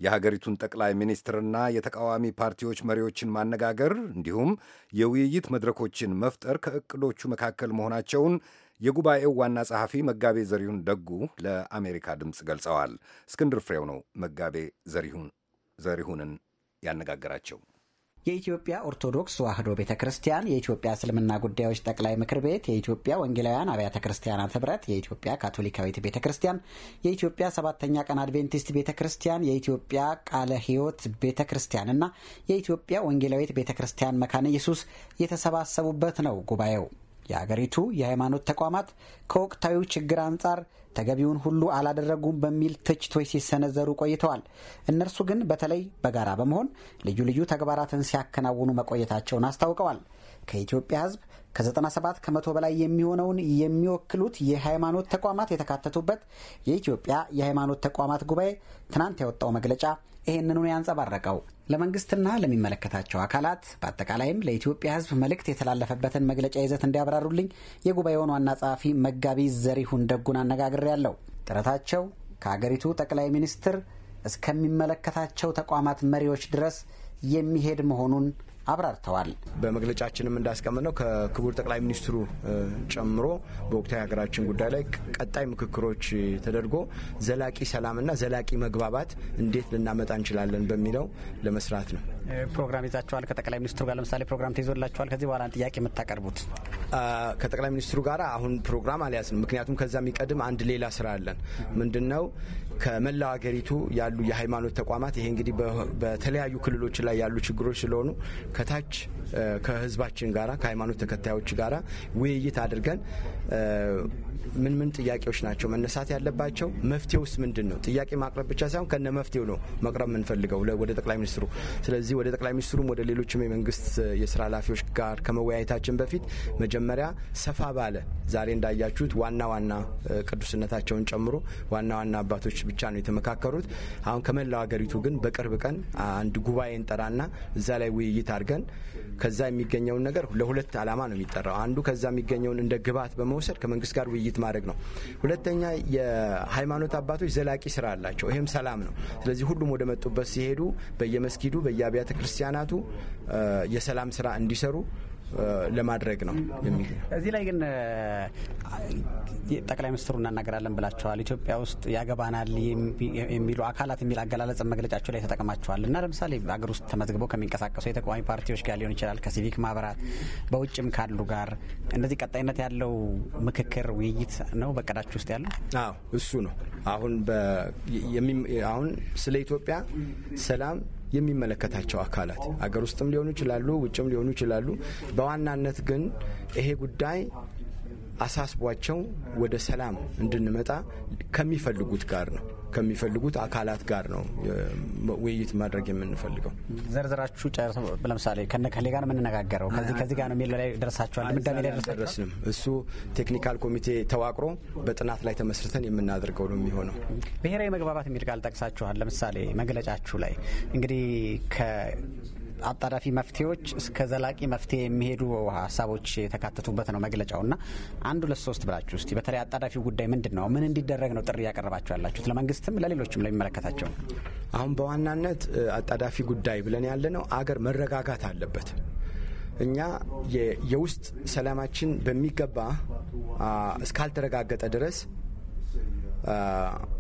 የሀገሪቱን ጠቅላይ ሚኒስትርና የተቃዋሚ ፓርቲዎች መሪዎችን ማነጋገር እንዲሁም የውይይት መድረኮችን መፍጠር ከእቅዶቹ መካከል መሆናቸውን የጉባኤው ዋና ጸሐፊ መጋቤ ዘሪሁን ደጉ ለአሜሪካ ድምፅ ገልጸዋል። እስክንድር ፍሬው ነው መጋቤ ዘሪሁን ዘሪሁንን ያነጋገራቸው። የኢትዮጵያ ኦርቶዶክስ ተዋሕዶ ቤተ ክርስቲያን፣ የኢትዮጵያ እስልምና ጉዳዮች ጠቅላይ ምክር ቤት፣ የኢትዮጵያ ወንጌላውያን አብያተ ክርስቲያናት ህብረት፣ የኢትዮጵያ ካቶሊካዊት ቤተ ክርስቲያን፣ የኢትዮጵያ ሰባተኛ ቀን አድቬንቲስት ቤተ ክርስቲያን፣ የኢትዮጵያ ቃለ ሕይወት ቤተ ክርስቲያንና የኢትዮጵያ ወንጌላዊት ቤተ ክርስቲያን መካነ ኢየሱስ የተሰባሰቡበት ነው ጉባኤው። የሀገሪቱ የሃይማኖት ተቋማት ከወቅታዊ ችግር አንጻር ተገቢውን ሁሉ አላደረጉም በሚል ትችቶች ሲሰነዘሩ ቆይተዋል። እነርሱ ግን በተለይ በጋራ በመሆን ልዩ ልዩ ተግባራትን ሲያከናውኑ መቆየታቸውን አስታውቀዋል። ከኢትዮጵያ ሕዝብ ከ97 ከመቶ በላይ የሚሆነውን የሚወክሉት የሃይማኖት ተቋማት የተካተቱበት የኢትዮጵያ የሃይማኖት ተቋማት ጉባኤ ትናንት ያወጣው መግለጫ ይህንኑ ያንጸባረቀው ለመንግስትና ለሚመለከታቸው አካላት በአጠቃላይም ለኢትዮጵያ ሕዝብ መልእክት የተላለፈበትን መግለጫ ይዘት እንዲያብራሩልኝ የጉባኤውን ዋና ጸሐፊ መጋቢ ዘሪሁን ደጉን ያለው ጥረታቸው ከአገሪቱ ጠቅላይ ሚኒስትር እስከሚመለከታቸው ተቋማት መሪዎች ድረስ የሚሄድ መሆኑን አብራርተዋል። በመግለጫችንም እንዳስቀመጥነው ከክቡር ጠቅላይ ሚኒስትሩ ጨምሮ በወቅታዊ ሀገራችን ጉዳይ ላይ ቀጣይ ምክክሮች ተደርጎ ዘላቂ ሰላምና ዘላቂ መግባባት እንዴት ልናመጣ እንችላለን በሚለው ለመስራት ነው። ፕሮግራም ይዛችኋል? ከጠቅላይ ሚኒስትሩ ጋር ለምሳሌ ፕሮግራም ተይዞላችኋል? ከዚህ በኋላ ጥያቄ የምታቀርቡት ከጠቅላይ ሚኒስትሩ ጋር አሁን ፕሮግራም አልያዝንም። ምክንያቱም ከዛ የሚቀድም አንድ ሌላ ስራ አለን። ምንድን ነው ከመላው ሀገሪቱ ያሉ የሃይማኖት ተቋማት ይሄ እንግዲህ በተለያዩ ክልሎች ላይ ያሉ ችግሮች ስለሆኑ ከታች ከህዝባችን ጋራ ከሃይማኖት ተከታዮች ጋራ ውይይት አድርገን ምን ምን ጥያቄዎች ናቸው መነሳት ያለባቸው? መፍትሄ ውስጥ ምንድን ነው? ጥያቄ ማቅረብ ብቻ ሳይሆን ከነ መፍትሄው ነው መቅረብ የምንፈልገው ወደ ጠቅላይ ሚኒስትሩ። ስለዚህ ወደ ጠቅላይ ሚኒስትሩም ወደ ሌሎችም የመንግስት የስራ ኃላፊዎች ጋር ከመወያየታችን በፊት መጀመሪያ ሰፋ ባለ ዛሬ እንዳያችሁት ዋና ዋና ቅዱስነታቸውን ጨምሮ ዋና ዋና አባቶች ብቻ ነው የተመካከሩት። አሁን ከመላው ሀገሪቱ ግን በቅርብ ቀን አንድ ጉባኤ እንጠራና እዛ ላይ ውይይት አድርገን ከዛ የሚገኘውን ነገር ለሁለት ዓላማ ነው የሚጠራው። አንዱ ከዛ የሚገኘውን እንደ ግብዓት በመውሰድ ከመንግስት ጋር ውይይት ማድረግ ነው። ሁለተኛ የሃይማኖት አባቶች ዘላቂ ስራ አላቸው። ይህም ሰላም ነው። ስለዚህ ሁሉም ወደ መጡበት ሲሄዱ በየመስጊዱ በየአብያተ ክርስቲያናቱ የሰላም ስራ እንዲሰሩ ለማድረግ ነው። እዚህ ላይ ግን ጠቅላይ ሚኒስትሩ እናናገራለን ብላቸዋል። ኢትዮጵያ ውስጥ ያገባናል የሚሉ አካላት የሚል አገላለጽ መግለጫቸው ላይ ተጠቅማቸዋል እና ለምሳሌ አገር ውስጥ ተመዝግበው ከሚንቀሳቀሱ የተቃዋሚ ፓርቲዎች ጋር ሊሆን ይችላል፣ ከሲቪክ ማህበራት በውጭም ካሉ ጋር እነዚህ ቀጣይነት ያለው ምክክር ውይይት ነው በቀዳችሁ ውስጥ ያለው? አዎ እሱ ነው። አሁን አሁን ስለ ኢትዮጵያ ሰላም የሚመለከታቸው አካላት አገር ውስጥም ሊሆኑ ይችላሉ፣ ውጭም ሊሆኑ ይችላሉ። በዋናነት ግን ይሄ ጉዳይ አሳስቧቸው ወደ ሰላም እንድንመጣ ከሚፈልጉት ጋር ነው። ከሚፈልጉት አካላት ጋር ነው ውይይት ማድረግ የምንፈልገው። ዘርዝራችሁ ለምሳሌ ከነከሌ ጋር የምንነጋገረው ከዚህ ከዚህ ጋር ነው የሚል ላይ ደርሳችኋል? ድምዳሜ ላይ ደረስንም? እሱ ቴክኒካል ኮሚቴ ተዋቅሮ በጥናት ላይ ተመስርተን የምናደርገው ነው የሚሆነው። ብሔራዊ መግባባት የሚል ቃል ጠቅሳችኋል። ለምሳሌ መግለጫችሁ ላይ እንግዲህ አጣዳፊ መፍትሄዎች እስከ ዘላቂ መፍትሄ የሚሄዱ ሀሳቦች የተካተቱበት ነው መግለጫው እና አንድ ሁለት ሶስት ብላችሁ እስቲ በተለይ አጣዳፊው ጉዳይ ምንድን ነው? ምን እንዲደረግ ነው ጥሪ ያቀረባችሁ ያላችሁት ለመንግስትም ለሌሎችም ለሚመለከታቸው? አሁን በዋናነት አጣዳፊ ጉዳይ ብለን ያለ ነው አገር መረጋጋት አለበት። እኛ የውስጥ ሰላማችን በሚገባ እስካልተረጋገጠ ድረስ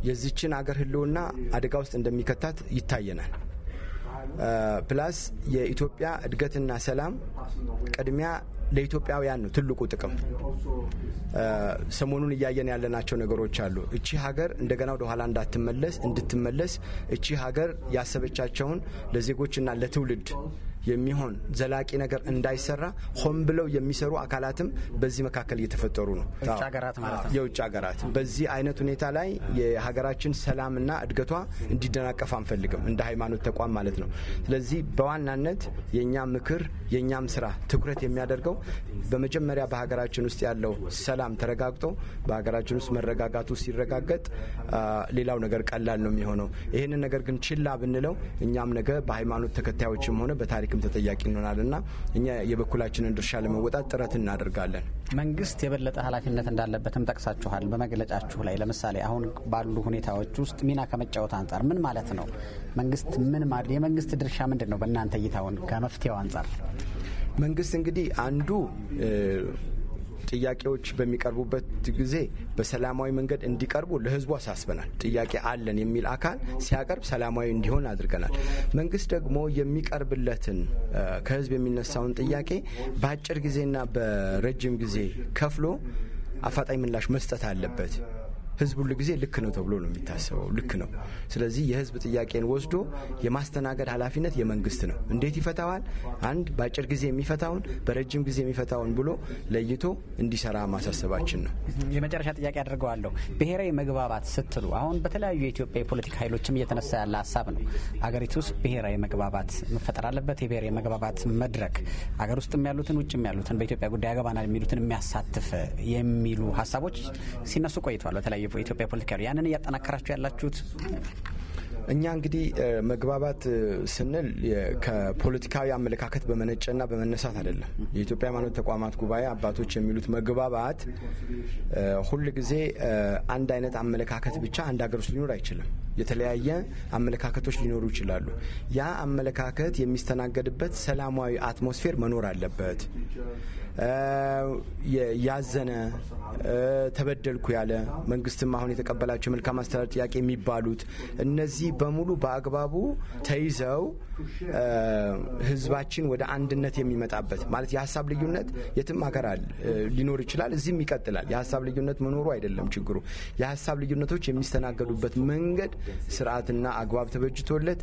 የዚችን አገር ህልውና አደጋ ውስጥ እንደሚከታት ይታየናል። ፕላስ የኢትዮጵያ እድገትና ሰላም ቅድሚያ ለኢትዮጵያውያን ነው ትልቁ ጥቅም። ሰሞኑን እያየን ያለናቸው ነገሮች አሉ። እቺ ሀገር እንደገና ወደ ኋላ እንዳትመለስ እንድትመለስ እቺ ሀገር ያሰበቻቸውን ለዜጎችና ለትውልድ የሚሆን ዘላቂ ነገር እንዳይሰራ ሆን ብለው የሚሰሩ አካላትም በዚህ መካከል እየተፈጠሩ ነው። የውጭ ሀገራት በዚህ አይነት ሁኔታ ላይ የሀገራችን ሰላምና እድገቷ እንዲደናቀፍ አንፈልግም፣ እንደ ሃይማኖት ተቋም ማለት ነው። ስለዚህ በዋናነት የእኛ ምክር የእኛም ስራ ትኩረት የሚያደርገው በመጀመሪያ በሀገራችን ውስጥ ያለው ሰላም ተረጋግጦ በሀገራችን ውስጥ መረጋጋቱ ሲረጋገጥ ሌላው ነገር ቀላል ነው የሚሆነው። ይህንን ነገር ግን ችላ ብንለው እኛም ነገ በሃይማኖት ተከታዮችም ሆነ በታሪክ ሸክም ተጠያቂ እንሆናል እና እኛ የበኩላችንን ድርሻ ለመወጣት ጥረት እናደርጋለን። መንግስት የበለጠ ኃላፊነት እንዳለበትም ጠቅሳችኋል በመግለጫችሁ ላይ። ለምሳሌ አሁን ባሉ ሁኔታዎች ውስጥ ሚና ከመጫወት አንጻር ምን ማለት ነው? መንግስት ምን የመንግስት ድርሻ ምንድን ነው? በእናንተ እይታውን ከመፍትሄው አንጻር መንግስት እንግዲህ አንዱ ጥያቄዎች በሚቀርቡበት ጊዜ በሰላማዊ መንገድ እንዲቀርቡ ለህዝቡ አሳስበናል። ጥያቄ አለን የሚል አካል ሲያቀርብ ሰላማዊ እንዲሆን አድርገናል። መንግስት ደግሞ የሚቀርብለትን ከህዝብ የሚነሳውን ጥያቄ በአጭር ጊዜና በረጅም ጊዜ ከፍሎ አፋጣኝ ምላሽ መስጠት አለበት ህዝብ ሁሉ ጊዜ ልክ ነው ተብሎ ነው የሚታሰበው። ልክ ነው። ስለዚህ የህዝብ ጥያቄን ወስዶ የማስተናገድ ኃላፊነት የመንግስት ነው። እንዴት ይፈታዋል? አንድ በአጭር ጊዜ የሚፈታውን በረጅም ጊዜ የሚፈታውን ብሎ ለይቶ እንዲሰራ ማሳሰባችን ነው። የመጨረሻ ጥያቄ አድርገዋለሁ። ብሔራዊ መግባባት ስትሉ አሁን በተለያዩ የኢትዮጵያ የፖለቲካ ኃይሎችም እየተነሳ ያለ ሀሳብ ነው። አገሪቱ ውስጥ ብሔራዊ መግባባት መፈጠር አለበት። የብሔራዊ መግባባት መድረክ አገር ውስጥም ያሉትን ውጭ ያሉትን በኢትዮጵያ ጉዳይ አገባናል የሚሉትን የሚያሳትፍ የሚሉ ሀሳቦች ሲነሱ ቆይተዋል በተለያዩ የኢትዮጵያ ፖለቲካ ያንን እያጠናከራችሁ ያላችሁት? እኛ እንግዲህ መግባባት ስንል ከፖለቲካዊ አመለካከት በመነጨና በመነሳት አይደለም። የኢትዮጵያ ሃይማኖት ተቋማት ጉባኤ አባቶች የሚሉት መግባባት ሁል ጊዜ አንድ አይነት አመለካከት ብቻ አንድ ሀገር ውስጥ ሊኖር አይችልም። የተለያየ አመለካከቶች ሊኖሩ ይችላሉ። ያ አመለካከት የሚስተናገድበት ሰላማዊ አትሞስፌር መኖር አለበት። ያዘነ ተበደልኩ ያለ መንግስትም አሁን የተቀበላቸው መልካም አስተዳደር ጥያቄ የሚባሉት እነዚህ በሙሉ በአግባቡ ተይዘው ህዝባችን ወደ አንድነት የሚመጣበት ማለት የሀሳብ ልዩነት የትም ሀገር ሊኖር ይችላል፣ እዚህም ይቀጥላል። የሀሳብ ልዩነት መኖሩ አይደለም ችግሩ። የሀሳብ ልዩነቶች የሚስተናገዱበት መንገድ ስርዓትና አግባብ ተበጅቶለት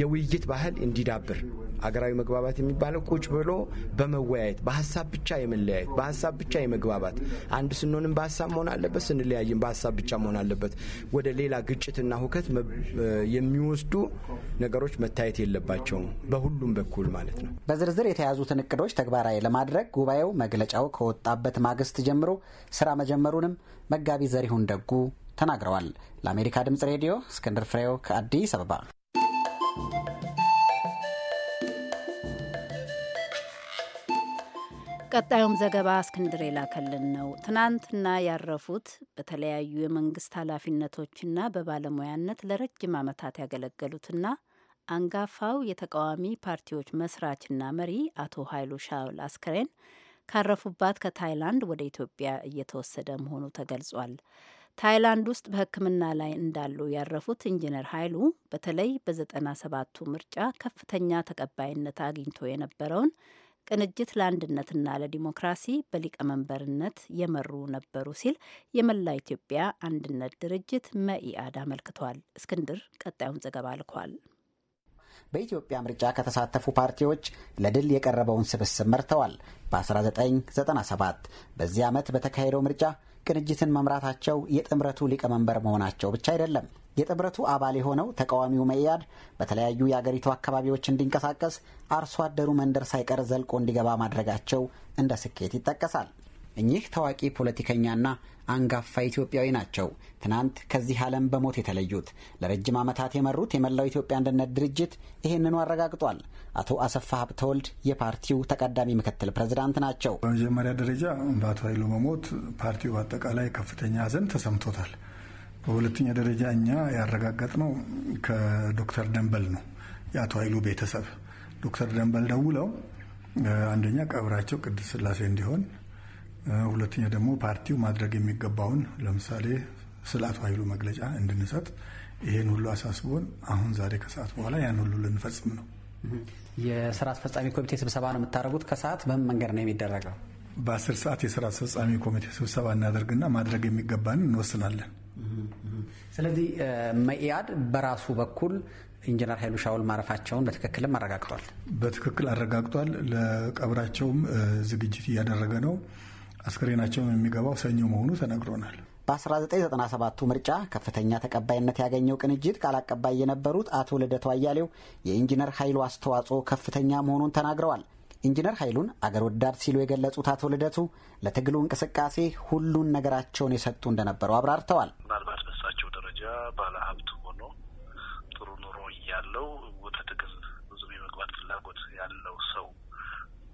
የውይይት ባህል እንዲዳብር አገራዊ መግባባት የሚባለው ቁጭ ብሎ በመወያየት በሀሳብ ብቻ የመለያየት በሀሳብ ብቻ የመግባባት አንድ ስንሆንም በሀሳብ መሆን አለበት፣ ስንለያይም በሀሳብ ብቻ መሆን አለበት። ወደ ሌላ ግጭትና ሁከት የሚወስዱ ነገሮች መታየት የለባል የለባቸውም፣ በሁሉም በኩል ማለት ነው። በዝርዝር የተያዙትን እቅዶች ተግባራዊ ለማድረግ ጉባኤው መግለጫው ከወጣበት ማግስት ጀምሮ ስራ መጀመሩንም መጋቢ ዘሪሁን ደጉ ተናግረዋል። ለአሜሪካ ድምጽ ሬዲዮ እስክንድር ፍሬው ከአዲስ አበባ። ቀጣዩም ዘገባ እስክንድር የላከልን ነው። ትናንትና ያረፉት በተለያዩ የመንግስት ኃላፊነቶችና በባለሙያነት ለረጅም ዓመታት ያገለገሉትና አንጋፋው የተቃዋሚ ፓርቲዎች መስራችና መሪ አቶ ኃይሉ ሻውል አስከሬን ካረፉባት ከታይላንድ ወደ ኢትዮጵያ እየተወሰደ መሆኑ ተገልጿል። ታይላንድ ውስጥ በሕክምና ላይ እንዳሉ ያረፉት ኢንጂነር ኃይሉ በተለይ በዘጠና ሰባቱ ምርጫ ከፍተኛ ተቀባይነት አግኝቶ የነበረውን ቅንጅት ለአንድነትና ለዲሞክራሲ በሊቀመንበርነት የመሩ ነበሩ ሲል የመላ ኢትዮጵያ አንድነት ድርጅት መኢአድ አመልክቷል። እስክንድር ቀጣዩን ዘገባ ልኳል። በኢትዮጵያ ምርጫ ከተሳተፉ ፓርቲዎች ለድል የቀረበውን ስብስብ መርተዋል። በ1997 በዚህ ዓመት በተካሄደው ምርጫ ቅንጅትን መምራታቸው የጥምረቱ ሊቀመንበር መሆናቸው ብቻ አይደለም። የጥምረቱ አባል የሆነው ተቃዋሚው መያድ በተለያዩ የአገሪቱ አካባቢዎች እንዲንቀሳቀስ አርሶ አደሩ መንደር ሳይቀር ዘልቆ እንዲገባ ማድረጋቸው እንደ ስኬት ይጠቀሳል። እኚህ ታዋቂ ፖለቲከኛና አንጋፋ ኢትዮጵያዊ ናቸው። ትናንት ከዚህ ዓለም በሞት የተለዩት ለረጅም ዓመታት የመሩት የመላው ኢትዮጵያ አንድነት ድርጅት ይህንኑ አረጋግጧል። አቶ አሰፋ ሀብተወልድ የፓርቲው ተቀዳሚ ምክትል ፕሬዝዳንት ናቸው። በመጀመሪያ ደረጃ በአቶ ኃይሉ መሞት ፓርቲው በአጠቃላይ ከፍተኛ ሐዘን ተሰምቶታል። በሁለተኛ ደረጃ እኛ ያረጋገጥ ነው ከዶክተር ደንበል ነው። የአቶ ኃይሉ ቤተሰብ ዶክተር ደንበል ደውለው አንደኛ ቀብራቸው ቅድስት ስላሴ እንዲሆን ሁለተኛ ደግሞ ፓርቲው ማድረግ የሚገባውን ለምሳሌ ስለ አቶ ኃይሉ መግለጫ እንድንሰጥ ይሄን ሁሉ አሳስቦን አሁን ዛሬ ከሰዓት በኋላ ያን ሁሉ ልንፈጽም ነው። የስራ አስፈጻሚ ኮሚቴ ስብሰባ ነው የምታደርጉት? ከሰዓት በምን መንገድ ነው የሚደረገው? በአስር ሰዓት የስራ አስፈጻሚ ኮሚቴ ስብሰባ እናደርግና ማድረግ የሚገባንን እንወስናለን። ስለዚህ መኢአድ በራሱ በኩል ኢንጂነር ኃይሉ ሻውል ማረፋቸውን በትክክልም አረጋግጧል። በትክክል አረጋግጧል። ለቀብራቸውም ዝግጅት እያደረገ ነው። አስክሬናቸውን የሚገባው ሰኞ መሆኑ ተነግሮናል። በ1997ቱ ምርጫ ከፍተኛ ተቀባይነት ያገኘው ቅንጅት ቃል አቀባይ የነበሩት አቶ ልደቱ አያሌው የኢንጂነር ኃይሉ አስተዋጽኦ ከፍተኛ መሆኑን ተናግረዋል። ኢንጂነር ኃይሉን አገር ወዳድ ሲሉ የገለጹት አቶ ልደቱ ለትግሉ እንቅስቃሴ ሁሉን ነገራቸውን የሰጡ እንደነበሩ አብራርተዋል። ምናልባት በሳቸው ደረጃ ባለ ሀብት ሆኖ ጥሩ ኑሮ እያለው ወደ ትግል ብዙም የመግባት ፍላጎት ያለው ሰው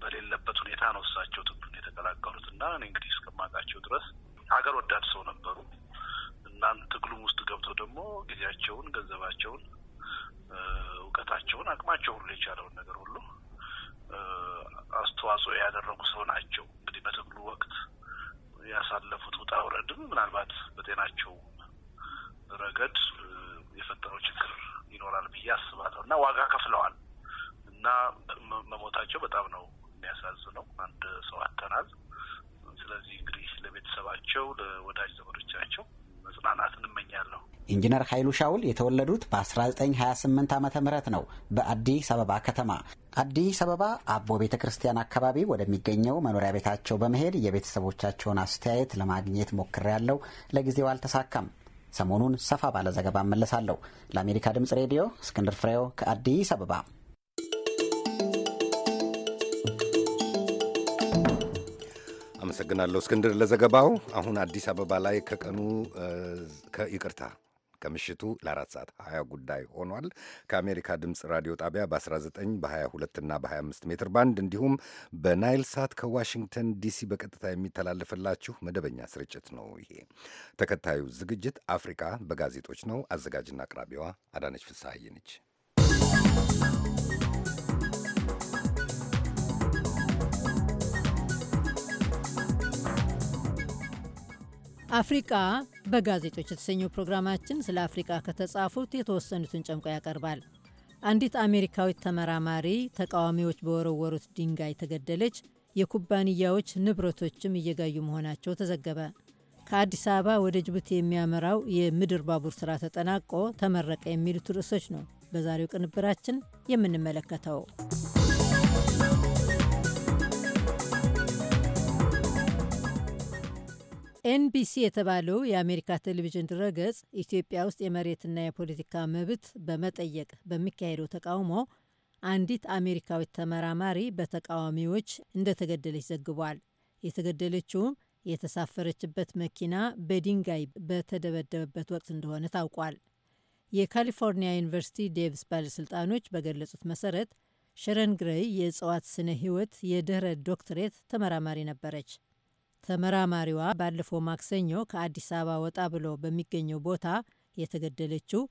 በሌለበት ሁኔታ ነው እሳቸው የተቀላቀሉት እና እኔ እንግዲህ እስከማውቃቸው ድረስ ሀገር ወዳድ ሰው ነበሩ እና ትግሉም ውስጥ ገብተው ደግሞ ጊዜያቸውን፣ ገንዘባቸውን፣ እውቀታቸውን፣ አቅማቸው ሁሉ የቻለውን ነገር ሁሉ አስተዋጽኦ ያደረጉ ሰው ናቸው። እንግዲህ በትግሉ ወቅት ያሳለፉት ውጣ ውረድም ምናልባት በጤናቸው ረገድ የፈጠረው ችግር ይኖራል ብዬ አስባለሁ እና ዋጋ ከፍለዋል እና መሞታቸው በጣም ነው የሚያሳዝነው አንድ ሰው አተናል። ስለዚህ እንግዲህ ለቤተሰባቸው፣ ለወዳጅ ዘመዶቻቸው መጽናናት እንመኛለሁ። ኢንጂነር ኃይሉ ሻውል የተወለዱት በ1928 ዓ ም ነው በአዲስ አበባ ከተማ። አዲስ አበባ አቦ ቤተ ክርስቲያን አካባቢ ወደሚገኘው መኖሪያ ቤታቸው በመሄድ የቤተሰቦቻቸውን አስተያየት ለማግኘት ሞክሬያለሁ። ለጊዜው አልተሳካም። ሰሞኑን ሰፋ ባለ ዘገባ እመለሳለሁ። ለአሜሪካ ድምፅ ሬዲዮ እስክንድር ፍሬው ከአዲስ አበባ አመሰግናለሁ እስክንድር ለዘገባው። አሁን አዲስ አበባ ላይ ከቀኑ ይቅርታ ከምሽቱ ለአራት ሰዓት ሀያ ጉዳይ ሆኗል። ከአሜሪካ ድምፅ ራዲዮ ጣቢያ በ19 በ22 እና በ25 ሜትር ባንድ እንዲሁም በናይል ሳት ከዋሽንግተን ዲሲ በቀጥታ የሚተላለፍላችሁ መደበኛ ስርጭት ነው። ይሄ ተከታዩ ዝግጅት አፍሪካ በጋዜጦች ነው። አዘጋጅና አቅራቢዋ አዳነች ፍስሐዬ ነች። አፍሪቃ በጋዜጦች የተሰኘው ፕሮግራማችን ስለ አፍሪቃ ከተጻፉት የተወሰኑትን ጨምቆ ያቀርባል። አንዲት አሜሪካዊት ተመራማሪ ተቃዋሚዎች በወረወሩት ድንጋይ ተገደለች፣ የኩባንያዎች ንብረቶችም እየጋዩ መሆናቸው ተዘገበ። ከአዲስ አበባ ወደ ጅቡቲ የሚያመራው የምድር ባቡር ስራ ተጠናቆ ተመረቀ። የሚሉት ርዕሶች ነው በዛሬው ቅንብራችን የምንመለከተው። ኤንቢሲ የተባለው የአሜሪካ ቴሌቪዥን ድረገጽ ኢትዮጵያ ውስጥ የመሬትና የፖለቲካ መብት በመጠየቅ በሚካሄደው ተቃውሞ አንዲት አሜሪካዊት ተመራማሪ በተቃዋሚዎች እንደተገደለች ዘግቧል። የተገደለችውም የተሳፈረችበት መኪና በድንጋይ በተደበደበበት ወቅት እንደሆነ ታውቋል። የካሊፎርኒያ ዩኒቨርሲቲ ዴቪስ ባለሥልጣኖች በገለጹት መሰረት ሸረን ግረይ የእጽዋት ስነ ሕይወት የድህረ ዶክትሬት ተመራማሪ ነበረች። ተመራማሪዋ ባለፈው ማክሰኞ ከአዲስ አበባ ወጣ ብሎ በሚገኘው ቦታ የተገደለችው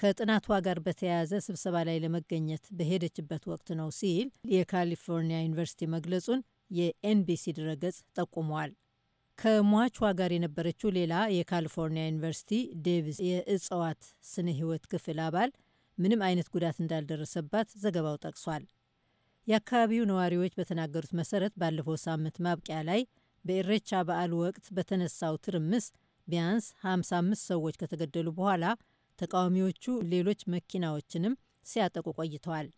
ከጥናቷ ጋር በተያያዘ ስብሰባ ላይ ለመገኘት በሄደችበት ወቅት ነው ሲል የካሊፎርኒያ ዩኒቨርሲቲ መግለጹን የኤንቢሲ ድረገጽ ጠቁሟል። ከሟቿ ጋር የነበረችው ሌላ የካሊፎርኒያ ዩኒቨርሲቲ ዴቪስ የእጽዋት ስነ ሕይወት ክፍል አባል ምንም አይነት ጉዳት እንዳልደረሰባት ዘገባው ጠቅሷል። የአካባቢው ነዋሪዎች በተናገሩት መሰረት ባለፈው ሳምንት ማብቂያ ላይ በኢሬቻ በዓል ወቅት በተነሳው ትርምስ ቢያንስ 55 ሰዎች ከተገደሉ በኋላ ተቃዋሚዎቹ ሌሎች መኪናዎችንም ሲያጠቁ ቆይተዋል።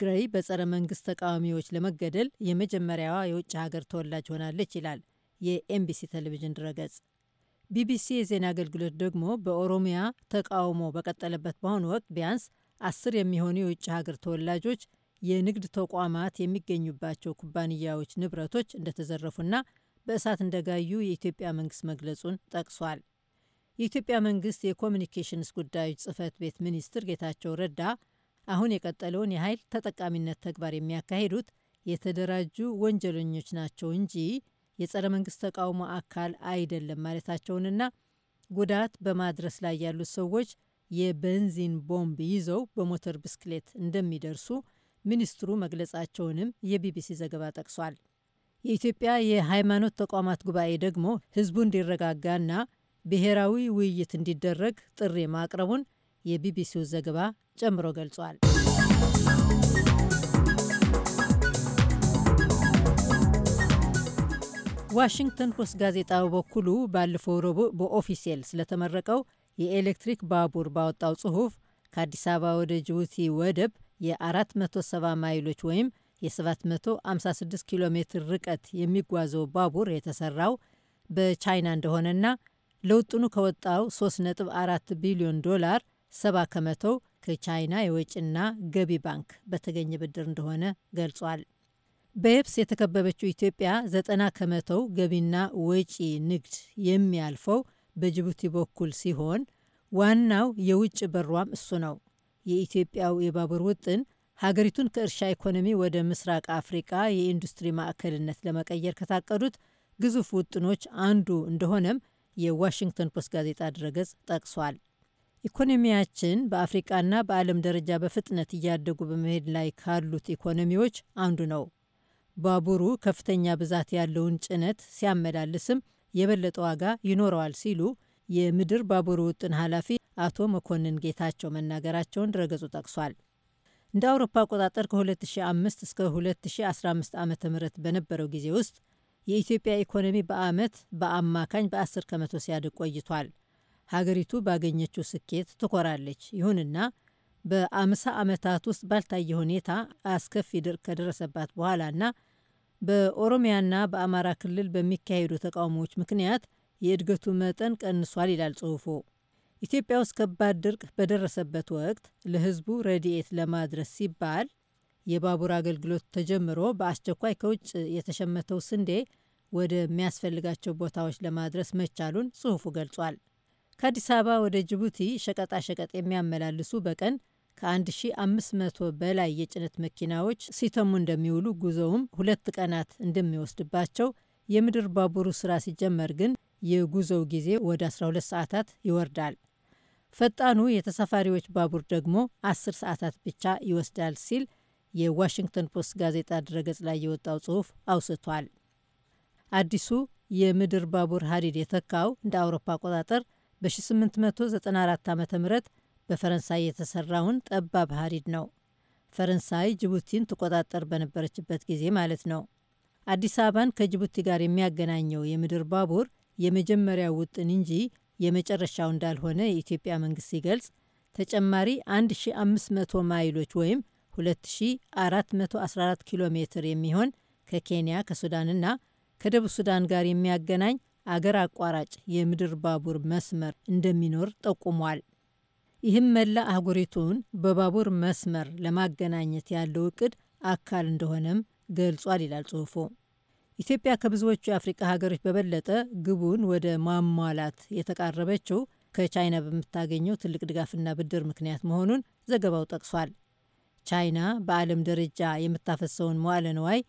ግሬይ በጸረ መንግስት ተቃዋሚዎች ለመገደል የመጀመሪያዋ የውጭ ሀገር ተወላጅ ሆናለች ይላል የኤምቢሲ ቴሌቪዥን ድረገጽ። ቢቢሲ የዜና አገልግሎት ደግሞ በኦሮሚያ ተቃውሞ በቀጠለበት በአሁኑ ወቅት ቢያንስ አስር የሚሆኑ የውጭ ሀገር ተወላጆች የንግድ ተቋማት የሚገኙባቸው ኩባንያዎች ንብረቶች እንደተዘረፉና በእሳት እንደጋዩ የኢትዮጵያ መንግስት መግለጹን ጠቅሷል። የኢትዮጵያ መንግስት የኮሚኒኬሽንስ ጉዳዮች ጽህፈት ቤት ሚኒስትር ጌታቸው ረዳ አሁን የቀጠለውን የኃይል ተጠቃሚነት ተግባር የሚያካሂዱት የተደራጁ ወንጀለኞች ናቸው እንጂ የጸረ መንግስት ተቃውሞ አካል አይደለም ማለታቸውንና ጉዳት በማድረስ ላይ ያሉት ሰዎች የቤንዚን ቦምብ ይዘው በሞተር ብስክሌት እንደሚደርሱ ሚኒስትሩ መግለጻቸውንም የቢቢሲ ዘገባ ጠቅሷል። የኢትዮጵያ የሃይማኖት ተቋማት ጉባኤ ደግሞ ህዝቡ እንዲረጋጋና ብሔራዊ ውይይት እንዲደረግ ጥሪ ማቅረቡን የቢቢሲው ዘገባ ጨምሮ ገልጿል። ዋሽንግተን ፖስት ጋዜጣ በበኩሉ ባለፈው ረቡዕ በኦፊሴል ስለተመረቀው የኤሌክትሪክ ባቡር ባወጣው ጽሑፍ ከአዲስ አበባ ወደ ጅቡቲ ወደብ የ470 ማይሎች ወይም የ756 ኪሎ ሜትር ርቀት የሚጓዘው ባቡር የተሰራው በቻይና እንደሆነና ለውጥኑ ከወጣው 3.4 ቢሊዮን ዶላር 70 ከመቶው ከቻይና የወጪና ገቢ ባንክ በተገኘ ብድር እንደሆነ ገልጿል። በየብስ የተከበበችው ኢትዮጵያ 90 ከመቶው ገቢና ወጪ ንግድ የሚያልፈው በጅቡቲ በኩል ሲሆን ዋናው የውጭ በሯም እሱ ነው። የኢትዮጵያው የባቡር ውጥን ሀገሪቱን ከእርሻ ኢኮኖሚ ወደ ምስራቅ አፍሪቃ የኢንዱስትሪ ማዕከልነት ለመቀየር ከታቀዱት ግዙፍ ውጥኖች አንዱ እንደሆነም የዋሽንግተን ፖስት ጋዜጣ ድረገጽ ጠቅሷል። ኢኮኖሚያችን በአፍሪቃና በዓለም ደረጃ በፍጥነት እያደጉ በመሄድ ላይ ካሉት ኢኮኖሚዎች አንዱ ነው። ባቡሩ ከፍተኛ ብዛት ያለውን ጭነት ሲያመላልስም የበለጠ ዋጋ ይኖረዋል ሲሉ የምድር ባቡር ውጥን ኃላፊ አቶ መኮንን ጌታቸው መናገራቸውን ድረገጹ ጠቅሷል። እንደ አውሮፓ አቆጣጠር ከ2005 እስከ 2015 ዓ ም በነበረው ጊዜ ውስጥ የኢትዮጵያ ኢኮኖሚ በዓመት በአማካኝ በ10 ከመቶ ሲያድግ ቆይቷል። ሀገሪቱ ባገኘችው ስኬት ትኮራለች። ይሁንና በአምሳ ዓመታት ውስጥ ባልታየ ሁኔታ አስከፊ ድርቅ ከደረሰባት በኋላና በኦሮሚያና በአማራ ክልል በሚካሄዱ ተቃውሞዎች ምክንያት የእድገቱ መጠን ቀንሷል ይላል ጽሑፉ። ኢትዮጵያ ውስጥ ከባድ ድርቅ በደረሰበት ወቅት ለሕዝቡ ረድኤት ለማድረስ ሲባል የባቡር አገልግሎት ተጀምሮ በአስቸኳይ ከውጭ የተሸመተው ስንዴ ወደሚያስፈልጋቸው ቦታዎች ለማድረስ መቻሉን ጽሑፉ ገልጿል። ከአዲስ አበባ ወደ ጅቡቲ ሸቀጣሸቀጥ የሚያመላልሱ በቀን ከ1500 በላይ የጭነት መኪናዎች ሲተሙ እንደሚውሉ ጉዞውም ሁለት ቀናት እንደሚወስድባቸው፣ የምድር ባቡሩ ስራ ሲጀመር ግን የጉዞው ጊዜ ወደ 12 ሰዓታት ይወርዳል። ፈጣኑ የተሳፋሪዎች ባቡር ደግሞ 10 ሰዓታት ብቻ ይወስዳል ሲል የዋሽንግተን ፖስት ጋዜጣ ድረገጽ ላይ የወጣው ጽሑፍ አውስቷል። አዲሱ የምድር ባቡር ሀዲድ የተካው እንደ አውሮፓ አቆጣጠር በ1894 ዓ ም በፈረንሳይ የተሰራውን ጠባብ ሀዲድ ነው። ፈረንሳይ ጅቡቲን ትቆጣጠር በነበረችበት ጊዜ ማለት ነው። አዲስ አበባን ከጅቡቲ ጋር የሚያገናኘው የምድር ባቡር የመጀመሪያ ውጥን እንጂ የመጨረሻው እንዳልሆነ የኢትዮጵያ መንግስት ሲገልጽ ተጨማሪ 1500 ማይሎች ወይም 2414 ኪሎ ሜትር የሚሆን ከኬንያ ከሱዳንና ከደቡብ ሱዳን ጋር የሚያገናኝ አገር አቋራጭ የምድር ባቡር መስመር እንደሚኖር ጠቁሟል። ይህም መላ አህጉሪቱን በባቡር መስመር ለማገናኘት ያለው እቅድ አካል እንደሆነም ገልጿል ይላል ጽሑፉ። ኢትዮጵያ ከብዙዎቹ የአፍሪቃ ሀገሮች በበለጠ ግቡን ወደ ማሟላት የተቃረበችው ከቻይና በምታገኘው ትልቅ ድጋፍና ብድር ምክንያት መሆኑን ዘገባው ጠቅሷል። ቻይና በዓለም ደረጃ የምታፈሰውን መዋለ ንዋይ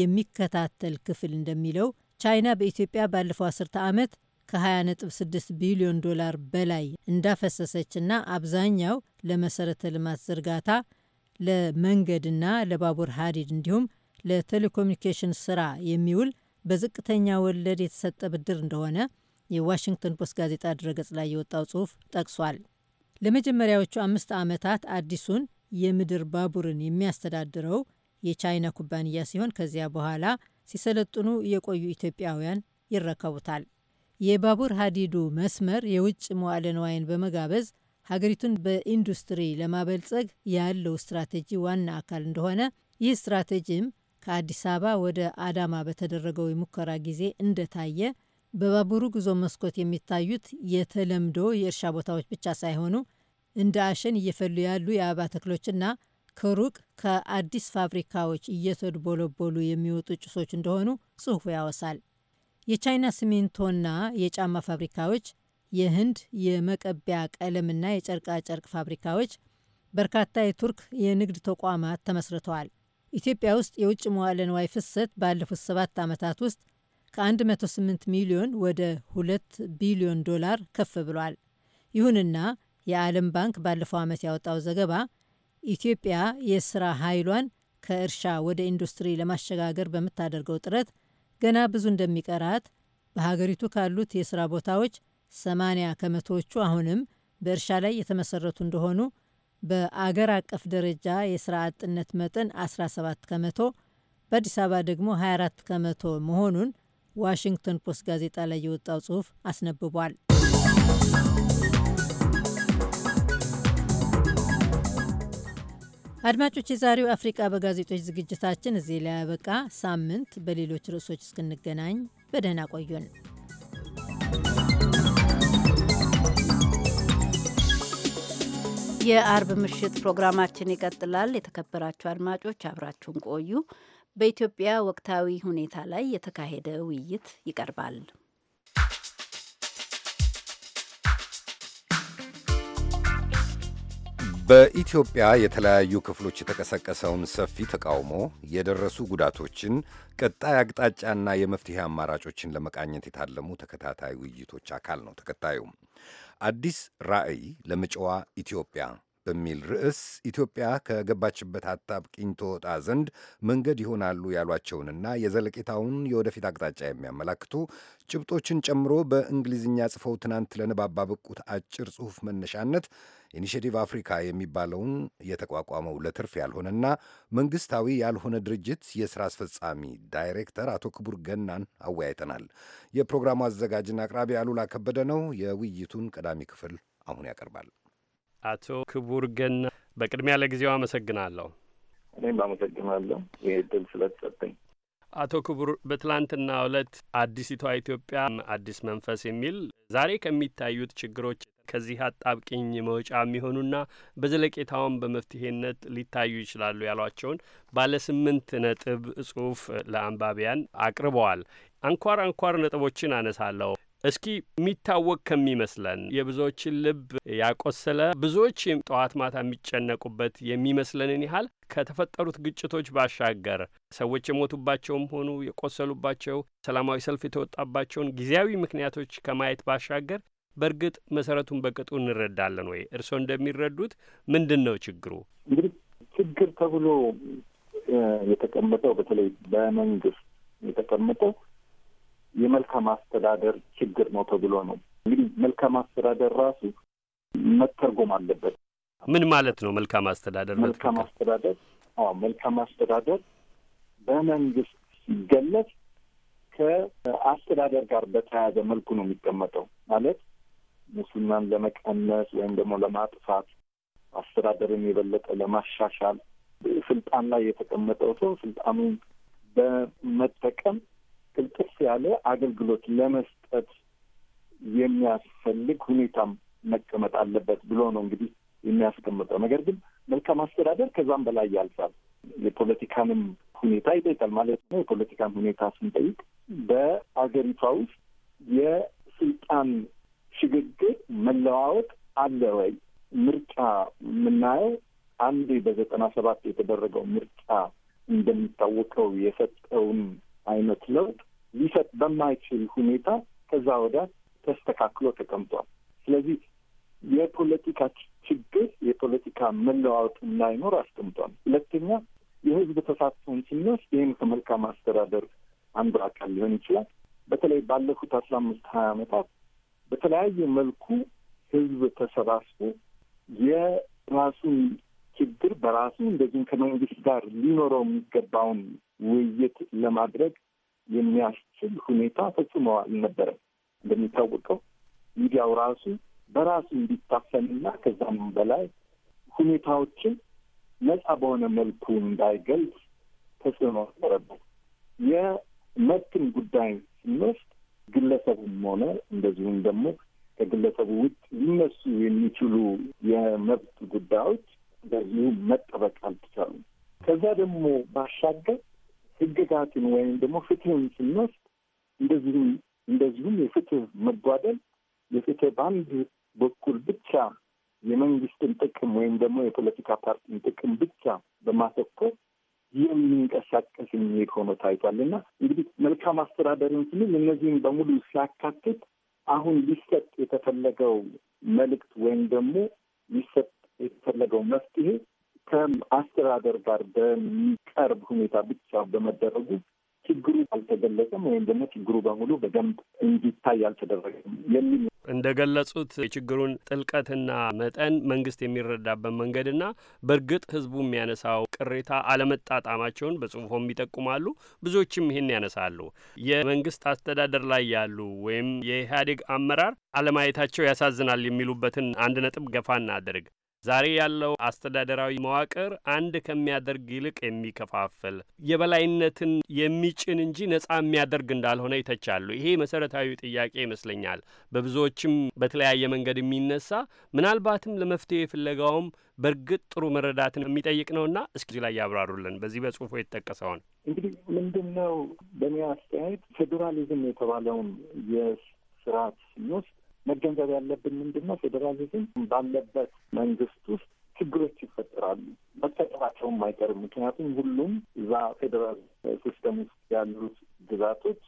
የሚከታተል ክፍል እንደሚለው ቻይና በኢትዮጵያ ባለፈው አስርተ ዓመት ከ20.6 ቢሊዮን ዶላር በላይ እንዳፈሰሰችና አብዛኛው ለመሰረተ ልማት ዝርጋታ፣ ለመንገድና ለባቡር ሀዲድ እንዲሁም ለቴሌኮሚኒኬሽን ስራ የሚውል በዝቅተኛ ወለድ የተሰጠ ብድር እንደሆነ የዋሽንግተን ፖስት ጋዜጣ ድረገጽ ላይ የወጣው ጽሑፍ ጠቅሷል። ለመጀመሪያዎቹ አምስት ዓመታት አዲሱን የምድር ባቡርን የሚያስተዳድረው የቻይና ኩባንያ ሲሆን ከዚያ በኋላ ሲሰለጥኑ የቆዩ ኢትዮጵያውያን ይረከቡታል። የባቡር ሀዲዱ መስመር የውጭ መዋዕለ ንዋይን በመጋበዝ ሀገሪቱን በኢንዱስትሪ ለማበልጸግ ያለው ስትራቴጂ ዋና አካል እንደሆነ ይህ ስትራቴጂም ከአዲስ አበባ ወደ አዳማ በተደረገው የሙከራ ጊዜ እንደታየ በባቡሩ ጉዞ መስኮት የሚታዩት የተለምዶ የእርሻ ቦታዎች ብቻ ሳይሆኑ እንደ አሸን እየፈሉ ያሉ የአበባ ተክሎችና ከሩቅ ከአዲስ ፋብሪካዎች እየተድቦለቦሉ የሚወጡ ጭሶች እንደሆኑ ጽሑፉ ያወሳል። የቻይና ሲሚንቶና የጫማ ፋብሪካዎች፣ የህንድ የመቀቢያ ቀለምና የጨርቃጨርቅ ፋብሪካዎች፣ በርካታ የቱርክ የንግድ ተቋማት ተመስርተዋል። ኢትዮጵያ ውስጥ የውጭ መዋለ ንዋይ ፍሰት ባለፉት ሰባት ዓመታት ውስጥ ከ108 ሚሊዮን ወደ 2 ቢሊዮን ዶላር ከፍ ብሏል። ይሁንና የዓለም ባንክ ባለፈው ዓመት ያወጣው ዘገባ ኢትዮጵያ የሥራ ኃይሏን ከእርሻ ወደ ኢንዱስትሪ ለማሸጋገር በምታደርገው ጥረት ገና ብዙ እንደሚቀራት፣ በሀገሪቱ ካሉት የሥራ ቦታዎች 80 ከመቶዎቹ አሁንም በእርሻ ላይ የተመሰረቱ እንደሆኑ በአገር አቀፍ ደረጃ የስራ አጥነት መጠን 17 ከመቶ፣ በአዲስ አበባ ደግሞ 24 ከመቶ መሆኑን ዋሽንግተን ፖስት ጋዜጣ ላይ የወጣው ጽሑፍ አስነብቧል። አድማጮች፣ የዛሬው አፍሪቃ በጋዜጦች ዝግጅታችን እዚህ ላይ ያበቃ። ሳምንት በሌሎች ርዕሶች እስክንገናኝ በደህና ቆዩን። የአርብ ምሽት ፕሮግራማችን ይቀጥላል። የተከበራችሁ አድማጮች አብራችሁን ቆዩ። በኢትዮጵያ ወቅታዊ ሁኔታ ላይ የተካሄደ ውይይት ይቀርባል። በኢትዮጵያ የተለያዩ ክፍሎች የተቀሰቀሰውን ሰፊ ተቃውሞ የደረሱ ጉዳቶችን፣ ቀጣይ አቅጣጫና የመፍትሄ አማራጮችን ለመቃኘት የታለሙ ተከታታይ ውይይቶች አካል ነው። ተከታዩ አዲስ ራዕይ ለመጪዋ ኢትዮጵያ በሚል ርዕስ ኢትዮጵያ ከገባችበት አጣብቂኝ ትወጣ ዘንድ መንገድ ይሆናሉ ያሏቸውንና የዘለቄታውን የወደፊት አቅጣጫ የሚያመላክቱ ጭብጦችን ጨምሮ በእንግሊዝኛ ጽፈው ትናንት ለንባብ ባበቁት አጭር ጽሑፍ መነሻነት ኢኒሽቲቭ አፍሪካ የሚባለውን የተቋቋመው ለትርፍ ያልሆነና መንግስታዊ ያልሆነ ድርጅት የሥራ አስፈጻሚ ዳይሬክተር አቶ ክቡር ገናን አወያይተናል። የፕሮግራሙ አዘጋጅና አቅራቢ አሉላ ከበደ ነው። የውይይቱን ቀዳሚ ክፍል አሁን ያቀርባል። አቶ ክቡር ገና በቅድሚያ ለጊዜው አመሰግናለሁ። እኔም አመሰግናለሁ ይህ እድል ስለተሰጠኝ። አቶ ክቡር በትላንትና ዕለት አዲሲቷ ኢትዮጵያ አዲስ መንፈስ የሚል ዛሬ ከሚታዩት ችግሮች ከዚህ አጣብቅኝ መውጫ የሚሆኑና በዘለቄታውን በመፍትሄነት ሊታዩ ይችላሉ ያሏቸውን ባለ ስምንት ነጥብ ጽሁፍ ለአንባቢያን አቅርበዋል። አንኳር አንኳር ነጥቦችን አነሳለሁ። እስኪ የሚታወቅ ከሚመስለን የብዙዎችን ልብ ያቆሰለ ብዙዎች ጠዋት ማታ የሚጨነቁበት የሚመስለንን ያህል ከተፈጠሩት ግጭቶች ባሻገር ሰዎች የሞቱባቸውም ሆኑ የቆሰሉባቸው ሰላማዊ ሰልፍ የተወጣባቸውን ጊዜያዊ ምክንያቶች ከማየት ባሻገር በእርግጥ መሰረቱን በቅጡ እንረዳለን ወይ? እርስዎ እንደሚረዱት ምንድን ነው ችግሩ? እንግዲህ ችግር ተብሎ የተቀመጠው በተለይ በመንግስት የተቀመጠው የመልካም አስተዳደር ችግር ነው ተብሎ ነው። እንግዲህ መልካም አስተዳደር ራሱ መተርጎም አለበት። ምን ማለት ነው መልካም አስተዳደር? መልካም አስተዳደር መልካም አስተዳደር በመንግስት ሲገለጽ ከአስተዳደር ጋር በተያያዘ መልኩ ነው የሚቀመጠው። ማለት ሙስናን ለመቀነስ ወይም ደግሞ ለማጥፋት፣ አስተዳደርን የበለጠ ለማሻሻል ስልጣን ላይ የተቀመጠው ሰው ስልጣኑን በመጠቀም ቅልጥፍ ያለ አገልግሎት ለመስጠት የሚያስፈልግ ሁኔታም መቀመጥ አለበት ብሎ ነው እንግዲህ የሚያስቀምጠው። ነገር ግን መልካም አስተዳደር ከዛም በላይ ያልፋል። የፖለቲካንም ሁኔታ ይጠይቃል ማለት ነው። የፖለቲካን ሁኔታ ስንጠይቅ በአገሪቷ ውስጥ የስልጣን ሽግግር መለዋወጥ አለ ወይ? ምርጫ የምናየው አንድ በዘጠና ሰባት የተደረገው ምርጫ እንደሚታወቀው የሰጠውን አይነት ለውጥ ሊሰጥ በማይችል ሁኔታ ከዛ ወዲያ ተስተካክሎ ተቀምጧል። ስለዚህ የፖለቲካ ችግር የፖለቲካ መለዋወጥ እንዳይኖር አስቀምጧል። ሁለተኛ የህዝብ ተሳትፎን ስንወስድ ይህም ከመልካም አስተዳደር አንዱ አካል ሊሆን ይችላል። በተለይ ባለፉት አስራ አምስት ሀያ ዓመታት በተለያየ መልኩ ህዝብ ተሰባስቦ የራሱን ችግር በራሱ እንደዚሁም ከመንግስት ጋር ሊኖረው የሚገባውን ውይይት ለማድረግ የሚያስችል ሁኔታ ፈጽሞ አልነበረም። እንደሚታወቀው ሚዲያው ራሱ በራሱ እንዲታፈንና ከዛም በላይ ሁኔታዎችን ነጻ በሆነ መልኩ እንዳይገልጽ ተጽዕኖ ነበረበት። የመብትን ጉዳይ ስንወስድ ግለሰቡም ሆነ እንደዚሁም ደግሞ ከግለሰቡ ውጭ ሊነሱ የሚችሉ የመብት ጉዳዮች በዚሁ መጠበቅ አልተቻሉም። ከዛ ደግሞ ባሻገር ጥገታትን ወይም ደግሞ ፍትህን ስንወስድ እንደዚሁም እንደዚሁም የፍትህ መጓደል የፍትህ በአንድ በኩል ብቻ የመንግስትን ጥቅም ወይም ደግሞ የፖለቲካ ፓርቲን ጥቅም ብቻ በማተኮር የሚንቀሳቀስ የሚሄድ ሆኖ ታይቷል እና እንግዲህ መልካም አስተዳደርን ስንል እነዚህም በሙሉ ሲያካትት አሁን ሊሰጥ የተፈለገው መልእክት ወይም ደግሞ ሊሰጥ የተፈለገው መፍትሄ ከአስተዳደር ጋር በሚቀርብ ሁኔታ ብቻ በመደረጉ ችግሩ አልተገለጸም ወይም ደግሞ ችግሩ በሙሉ በደንብ እንዲታይ አልተደረገም የሚል እንደ ገለጹት የችግሩን ጥልቀትና መጠን መንግስት የሚረዳበት መንገድና በእርግጥ ህዝቡ የሚያነሳው ቅሬታ አለመጣጣማቸውን በጽሁፎም ይጠቁማሉ። ብዙዎችም ይህን ያነሳሉ። የመንግስት አስተዳደር ላይ ያሉ ወይም የኢህአዴግ አመራር አለማየታቸው ያሳዝናል የሚሉበትን አንድ ነጥብ ገፋ እናደርግ። ዛሬ ያለው አስተዳደራዊ መዋቅር አንድ ከሚያደርግ ይልቅ የሚከፋፍል የበላይነትን የሚጭን እንጂ ነጻ የሚያደርግ እንዳልሆነ ይተቻሉ። ይሄ መሰረታዊ ጥያቄ ይመስለኛል። በብዙዎችም በተለያየ መንገድ የሚነሳ ምናልባትም ለመፍትሄ ፍለጋውም በእርግጥ ጥሩ መረዳትን የሚጠይቅ ነውና እስኪ ላይ ያብራሩልን በዚህ በጽሁፎ የተጠቀሰውን። እንግዲህ ምንድን ነው በእኔ አስተያየት ፌዴራሊዝም የተባለውን የስርዓት ስንወስድ መገንዘብ ያለብን ምንድን ነው፣ ፌዴራሊዝም ባለበት መንግስት ውስጥ ችግሮች ይፈጠራሉ። መፈጠራቸውም አይቀርም። ምክንያቱም ሁሉም እዛ ፌዴራል ሲስተም ውስጥ ያሉት ግዛቶች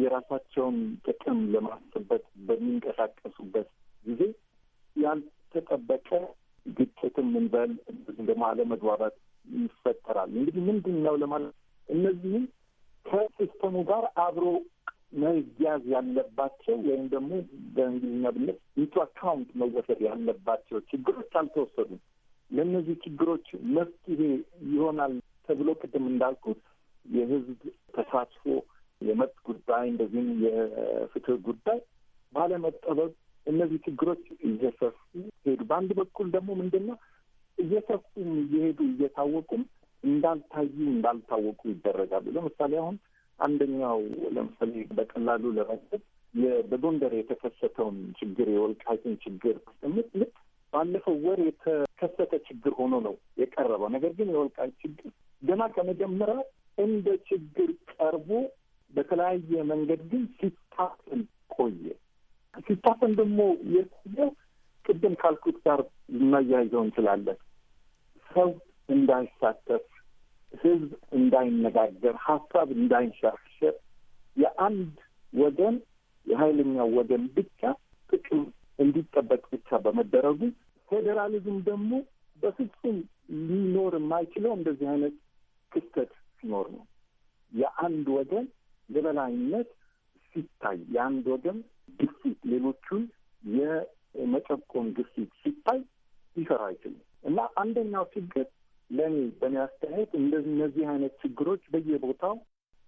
የራሳቸውን ጥቅም ለማስጠበቅ በሚንቀሳቀሱበት ጊዜ ያልተጠበቀ ግጭትም እንበል እንደዚህ ደግሞ አለመግባባት ይፈጠራል። እንግዲህ ምንድን ነው ለማለት እነዚህም ከሲስተሙ ጋር አብሮ መያዝ ያለባቸው ወይም ደግሞ በእንግሊዝኛ ብንል ኢንቱ አካውንት መወሰድ ያለባቸው ችግሮች አልተወሰዱም። ለእነዚህ ችግሮች መፍትሄ ይሆናል ተብሎ ቅድም እንዳልኩት የህዝብ ተሳትፎ የመብት ጉዳይ እንደዚህም የፍትህ ጉዳይ ባለመጠበብ እነዚህ ችግሮች እየሰፉ ሄዱ። በአንድ በኩል ደግሞ ምንድን ነው እየሰፉም እየሄዱ እየታወቁም እንዳልታዩ እንዳልታወቁ ይደረጋሉ። ለምሳሌ አሁን አንደኛው ለምሳሌ በቀላሉ ለመግለጽ በጎንደር የተከሰተውን ችግር የወልቃይትን ችግር ማስቀመጥ ልክ ባለፈው ወር የተከሰተ ችግር ሆኖ ነው የቀረበው። ነገር ግን የወልቃይት ችግር ገና ከመጀመሪያ እንደ ችግር ቀርቦ በተለያየ መንገድ ግን ሲታፈን ቆየ። ሲታፈን ደግሞ የቆየው ቅድም ካልኩት ጋር ልናያይዘው እንችላለን። ሰው እንዳይሳተፍ ህዝብ እንዳይነጋገር፣ ሀሳብ እንዳይንሸራሸር የአንድ ወገን የሀይለኛው ወገን ብቻ ጥቅም እንዲጠበቅ ብቻ በመደረጉ ፌዴራሊዝም ደግሞ በፍጹም ሊኖር የማይችለው እንደዚህ አይነት ክስተት ሲኖር ነው። የአንድ ወገን የበላይነት ሲታይ፣ የአንድ ወገን ግፊት፣ ሌሎቹን የመጨቆን ግፊት ሲታይ ሊሰራ አይችልም እና አንደኛው ችግር ለእኔ በእኔ አስተያየት እነዚህ አይነት ችግሮች በየቦታው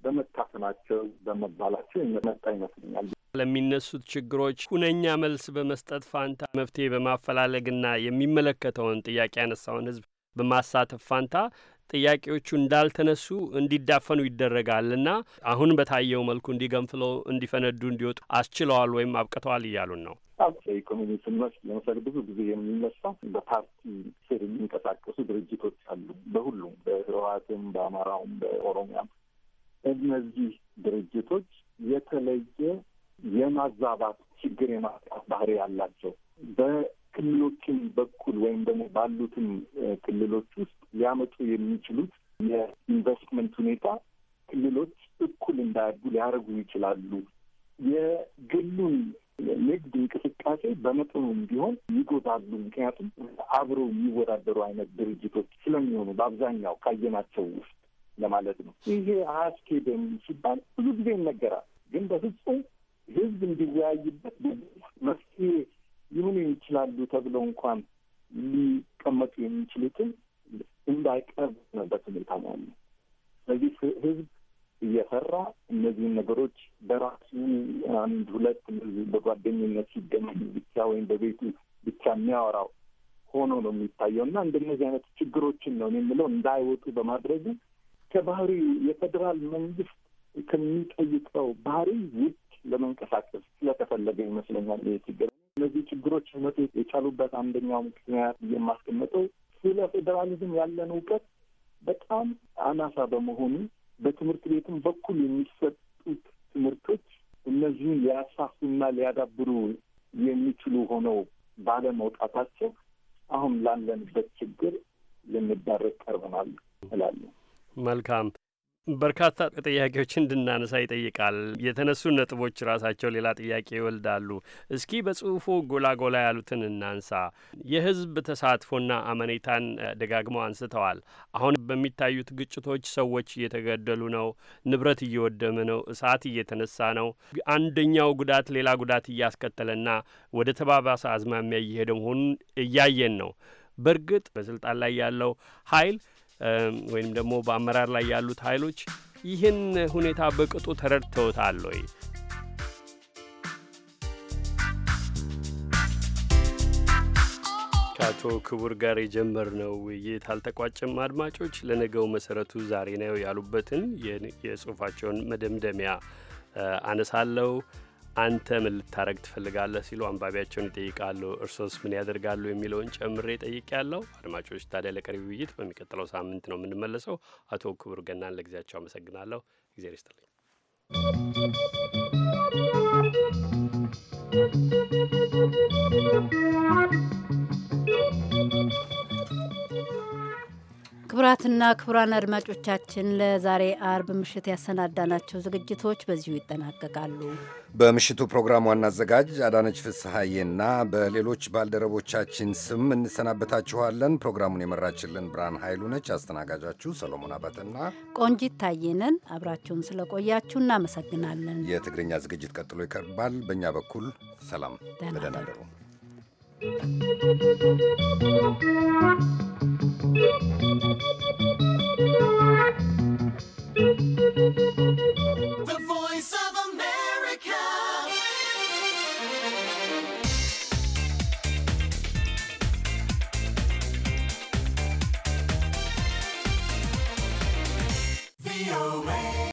በመታፈናቸው በመባላቸው የመጣ ይመስለኛል። ለሚነሱት ችግሮች ሁነኛ መልስ በመስጠት ፋንታ መፍትሄ በማፈላለግና የሚመለከተውን ጥያቄ ያነሳውን ህዝብ በማሳተፍ ፋንታ ጥያቄዎቹ እንዳልተነሱ እንዲዳፈኑ ይደረጋልና አሁን በታየው መልኩ እንዲገንፍለው፣ እንዲፈነዱ፣ እንዲወጡ አስችለዋል ወይም አብቅተዋል እያሉን ነው። ሀሳብ ኢኮኖሚ ስንመስ ለምሳሌ ብዙ ጊዜ የሚነሳው በፓርቲ ስር የሚንቀሳቀሱ ድርጅቶች አሉ። በሁሉም በህወሓትም፣ በአማራውም፣ በኦሮሚያም እነዚህ ድርጅቶች የተለየ የማዛባት ችግር የማጣት ባህሪ ያላቸው በክልሎችም በኩል ወይም ደግሞ ባሉትም ክልሎች ውስጥ ሊያመጡ የሚችሉት የኢንቨስትመንት ሁኔታ ክልሎች እኩል እንዳያድጉ ሊያደርጉ ይችላሉ። የግሉን ንግድ እንቅስቃሴ በመጠኑም ቢሆን ይጎዳሉ። ምክንያቱም አብረው የሚወዳደሩ አይነት ድርጅቶች ስለሚሆኑ በአብዛኛው ካየናቸው ውስጥ ለማለት ነው። ይሄ አያስኬድም ሲባል ብዙ ጊዜ ይነገራል። ግን በፍጹም ህዝብ እንዲወያይበት መፍትሄ ሊሆኑ ይችላሉ ተብሎ እንኳን ሊቀመጡ የሚችሉትን እንዳይቀርቡበት ሁኔታ ነው ስለዚህ ህዝብ እየሰራ እነዚህን ነገሮች በራሱ አንድ ሁለት በጓደኝነት ሲገናኝ ብቻ ወይም በቤቱ ብቻ የሚያወራው ሆኖ ነው የሚታየው እና እንደነዚህ አይነት ችግሮችን ነው የምለው እንዳይወጡ በማድረግ ከባህሪ የፌዴራል መንግስት ከሚጠይቀው ባህሪ ውጭ ለመንቀሳቀስ ስለተፈለገ ይመስለኛል ይህ ችግር። እነዚህ ችግሮች መጡ የቻሉበት አንደኛው ምክንያት የማስቀምጠው ስለ ፌዴራሊዝም ያለን እውቀት በጣም አናሳ በመሆኑ በትምህርት ቤትም በኩል የሚሰጡት ትምህርቶች እነዚህን ሊያሳፉና ሊያዳብሩ የሚችሉ ሆነው ባለመውጣታቸው አሁን ላለንበት ችግር ልንዳረግ ቀርበናል እላለሁ። መልካም በርካታ ጥያቄዎች እንድናነሳ ይጠይቃል። የተነሱ ነጥቦች ራሳቸው ሌላ ጥያቄ ይወልዳሉ። እስኪ በጽሁፉ ጎላ ጎላ ያሉትን እናንሳ። የህዝብ ተሳትፎና አመኔታን ደጋግመው አንስተዋል። አሁን በሚታዩት ግጭቶች ሰዎች እየተገደሉ ነው፣ ንብረት እየወደመ ነው፣ እሳት እየተነሳ ነው። አንደኛው ጉዳት ሌላ ጉዳት እያስከተለና ወደ ተባባሰ አዝማሚያ እየሄደ መሆኑን እያየን ነው። በእርግጥ በስልጣን ላይ ያለው ኃይል ወይም ደግሞ በአመራር ላይ ያሉት ኃይሎች ይህን ሁኔታ በቅጡ ተረድተውታል ወይ? ከአቶ ክቡር ጋር የጀመርነው ውይይት አልተቋጨም። አድማጮች ለነገው መሰረቱ ዛሬ ነው ያሉበትን የጽሁፋቸውን መደምደሚያ አነሳለሁ። አንተ ምን ልታደረግ ትፈልጋለህ ሲሉ አንባቢያቸውን ይጠይቃሉ። እርሶስ ምን ያደርጋሉ የሚለውን ጨምሬ ጠይቅ ያለው አድማጮች። ታዲያ ለቀሪ ውይይት በሚቀጥለው ሳምንት ነው የምንመለሰው። አቶ ክቡር ገናን ለጊዜያቸው አመሰግናለሁ። እግዜር ይስጥልኝ። Thank you. ክቡራትና ክቡራን አድማጮቻችን ለዛሬ አርብ ምሽት ያሰናዳናቸው ዝግጅቶች በዚሁ ይጠናቀቃሉ። በምሽቱ ፕሮግራም ዋና አዘጋጅ አዳነች ፍስሐዬና በሌሎች ባልደረቦቻችን ስም እንሰናበታችኋለን። ፕሮግራሙን የመራችልን ብርሃን ኃይሉ ነች። አስተናጋጃችሁ ሰሎሞን አባተና ቆንጂት ታየንን አብራችሁን ስለቆያችሁ እናመሰግናለን። የትግርኛ ዝግጅት ቀጥሎ ይቀርባል። በእኛ በኩል ሰላም፣ በደህና እደሩ። Thank you.